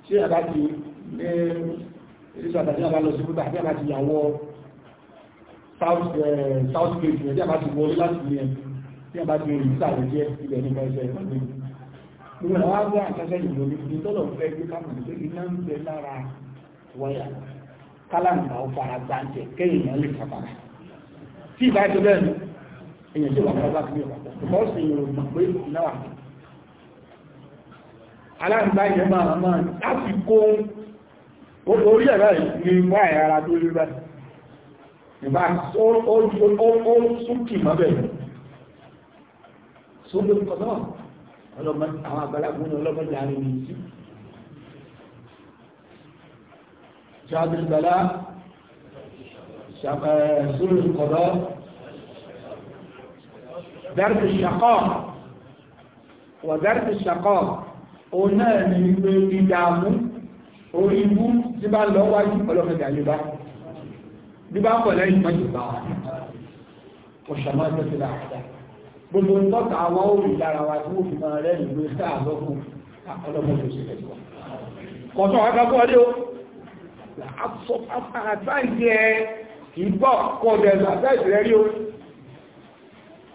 tí ẹ̀bá ti ní ìrísọ̀ àtàkì àbá sí púpà tí ẹ̀bá ti yàwó south eh, gate rẹ̀ tí ẹ̀bá ti wọlé láti ní ẹ̀ tí ẹ̀bá ti rí sàrẹ̀ jẹ́ ilẹ̀ nípa ẹsẹ̀ ìpàdé Gbogbo kálàǹgbà ó fara gbáǹjẹ kéèyàn lè kàbàrà tí ìbá ti bẹ́ẹ̀ ni èyàn tí wà fún ọba kìí ọ̀pọ̀ ṣùgbọ́n sì yòrò mọ̀ pé náà aláǹgbá yẹn máa máa láti kó orí ẹ̀rọ ní wá ẹ̀rọ tó rí rẹ̀ ìbá ó súnkì mọ́ bẹ̀rẹ̀ sóbẹ̀ kọ̀ọ̀nà ọlọ́mọ àwọn àgbàlagbọ́n ọlọ́mọdé àárín yìí شعب البلاء سور القضاء درب الشقاء وذرب الشقاء òun náà ni wípé ìdààmú orí ibú tí bá lọ wájú ọlọ́mọdé àyíbá bí bá pọ̀ lẹ́yìn mọ́jú bá wà ní ọ̀ṣàmọ́ ìtọ́sílẹ̀ àdá gbogbo ń tọ́ta àwọn òrì lára wa tí ó fi máa rẹ́ ìlú sáà lọ́kùn ọlọ́mọdé òṣèlú kọ̀tọ̀ àgbàgbọ́ ọdí o àtàìsí ẹ ìgbọ́ kọjẹ̀ àtàìsí rẹ̀ rí o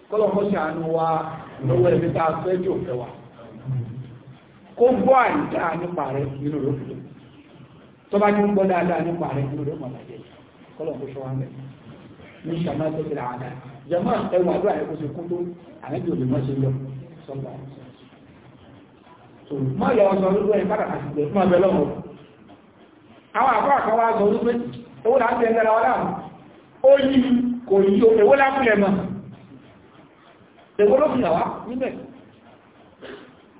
kọ́lọ̀kọ́ ṣàánú wa lọ́wọ́ ẹ̀mí tá a fẹ́ jò fẹ́ wa kó gbọ́ àìdá nípa rẹ̀ nínú rẹ̀ fún tó bá ní ń gbọ́ dáadáa nípa rẹ̀ nínú rẹ̀ mọ̀ bàjẹ́ kọ́lọ̀kọ́ ṣọ́ wa mẹ́rin ní ṣàmá tó fi ràádá jẹmọ́ ẹwà àdúrà ẹ̀kọ́ sí kún tó àrẹ́bí òlè mọ́ sí lọ sọ́gbà má lọ sọ lórí ẹ̀ àwọn àbúrò àkọwà sọ wípé owó láti ẹgbẹ̀rẹ̀ ọlá ó yí kò yí owó lápùlẹ̀ mọ̀ èwo ló fi àwá níbẹ̀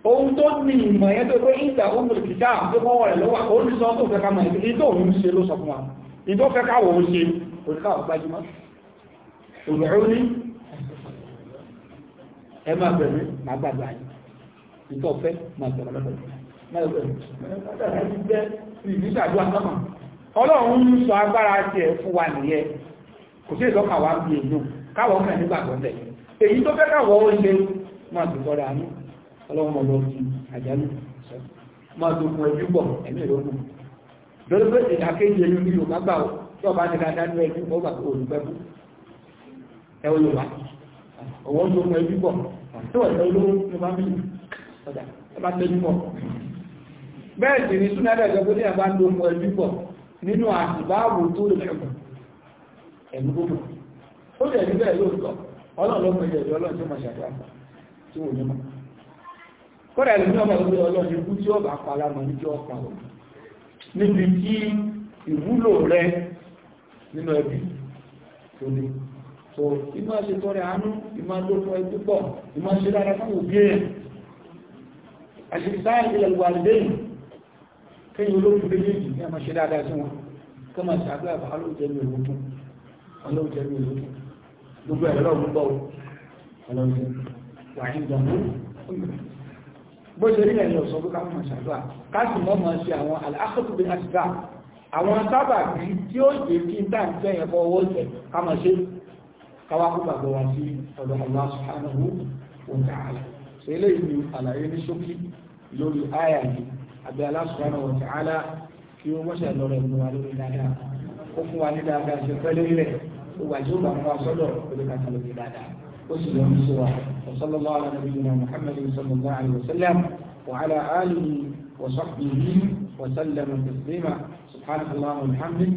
ohun tó ní ìmọ̀ ẹ̀ tó pé ìgbà oúnjẹ kìtà tó mọ́wọ́ rẹ̀ lọ́wọ́ orísọ́ tó fẹ́ ká mọ̀ ìdí tó ń ṣe ló sọ fún wa ìdí ó fẹ́ káwọ̀ ó ṣe òṣìká ọ̀gbájúmọ́ òlùrù ní ẹ máa bẹ̀rẹ̀ máa gbàgbà ìbísàdúwà sọ́mà ọlọ́run ń sọ agbára ti ẹ̀ fún wa nìyẹn kò sí ìtọ́ka wa bí èèyàn káwọn mẹ́ nígbà tó lẹ̀ èyí tó fẹ́ káwọ́ oúnjẹ máa tó bọ́ra ní ọlọ́run ọlọ́ ti àjálù máa tó fún ẹjú bọ̀ ẹ̀mí ìlọ́nù lọ́dọ́ pé ìdàkejì ẹni ní yorùbá gbà ó tí ọba ti ka dánú ẹjú tó fún tó bá mí ọjà ẹ tẹ́jú bọ̀ bẹ́ẹ̀ sì ni súnádẹ̀ ìjọba ní àbá ní ohun ẹ̀lú pọ̀ nínú àtìbáàbò tó lè ẹ̀kùn ẹ̀lú púpọ̀ ó jẹ̀ ní bẹ́ẹ̀ lóòtọ́ ọlọ́ọ̀lọ́pọ̀ ìjẹ̀ ìjọ ọlọ́ọ̀ tí ó máa ṣàdúrà tí ó ní mọ́ kọ́rẹ̀ ẹ̀lú ní ọmọ ìgbé ọlọ́ọ̀ ikú tí ó bá pa lámọ̀ ní tí ó pa ọ̀ níbi tí ìwúlò rẹ nínú ẹbí tó ní so inú ẹ̀ṣẹ̀ tọrẹ àánú ìmọ̀ lóòtọ́ ẹgbẹ́ pọ̀ ìmọ̀ ṣe dára fún òbí ẹ̀ àṣìṣáà ìlẹ̀ wàlẹ́yìn kéyìn olóògùn méjèèjì ní àmàṣe dáadáa sí wọn kí wọ́n ṣàgbé àbá ọlọ́ọ̀jẹ́mi olóògùn ọlọ́ọ̀jẹ́mi olóògùn gbogbo ẹ̀rọ lọ́wọ́ gbọ́ ọlọ́ọ̀jẹ́ wà ní ìdánwò bó ṣe rí ẹ̀yìn ọ̀sán tó káwọn ṣàdúrà káàkiri mọ́ máa ṣe àwọn alákòókòbí àtìgbà àwọn sábà bí tí ó jẹ́ kí n dáa jẹ́ ẹ̀kọ́ owó ṣẹ̀ káwọn ṣe káwá kó gbàgbọ́ wá sí ọ̀dọ̀ Allah subhanahu wa ta'ala ṣe eléyìí ni àlàyé ní ṣókí lórí àyà yìí àbí Allah subhanahu wa ta'ala kí ó mọ́ṣẹ́ lọ rẹ̀ fún wa lórí dáadáa ó fún wa ní dáadáa ṣe pẹ́ lórí rẹ̀ ó wà tí ó bá fún wa sọ́dọ̀ lórí kàtà lórí dáadáa ó sì lọ sí wa sallallahu ala nabiyyina muhammadin sallallahu alaihi wa sallam wa ala alihi wa sahbihi wa sallam taslima subhanallahi wa bihamdihi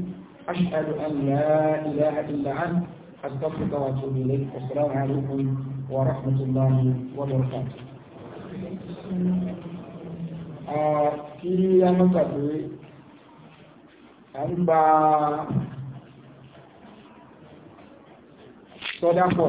ashhadu an la ilaha illa anta استغفرك واتوب اليك والسلام عليكم ورحمه الله وبركاته kí a mọ́ tàbí a bá sọ́dápọ̀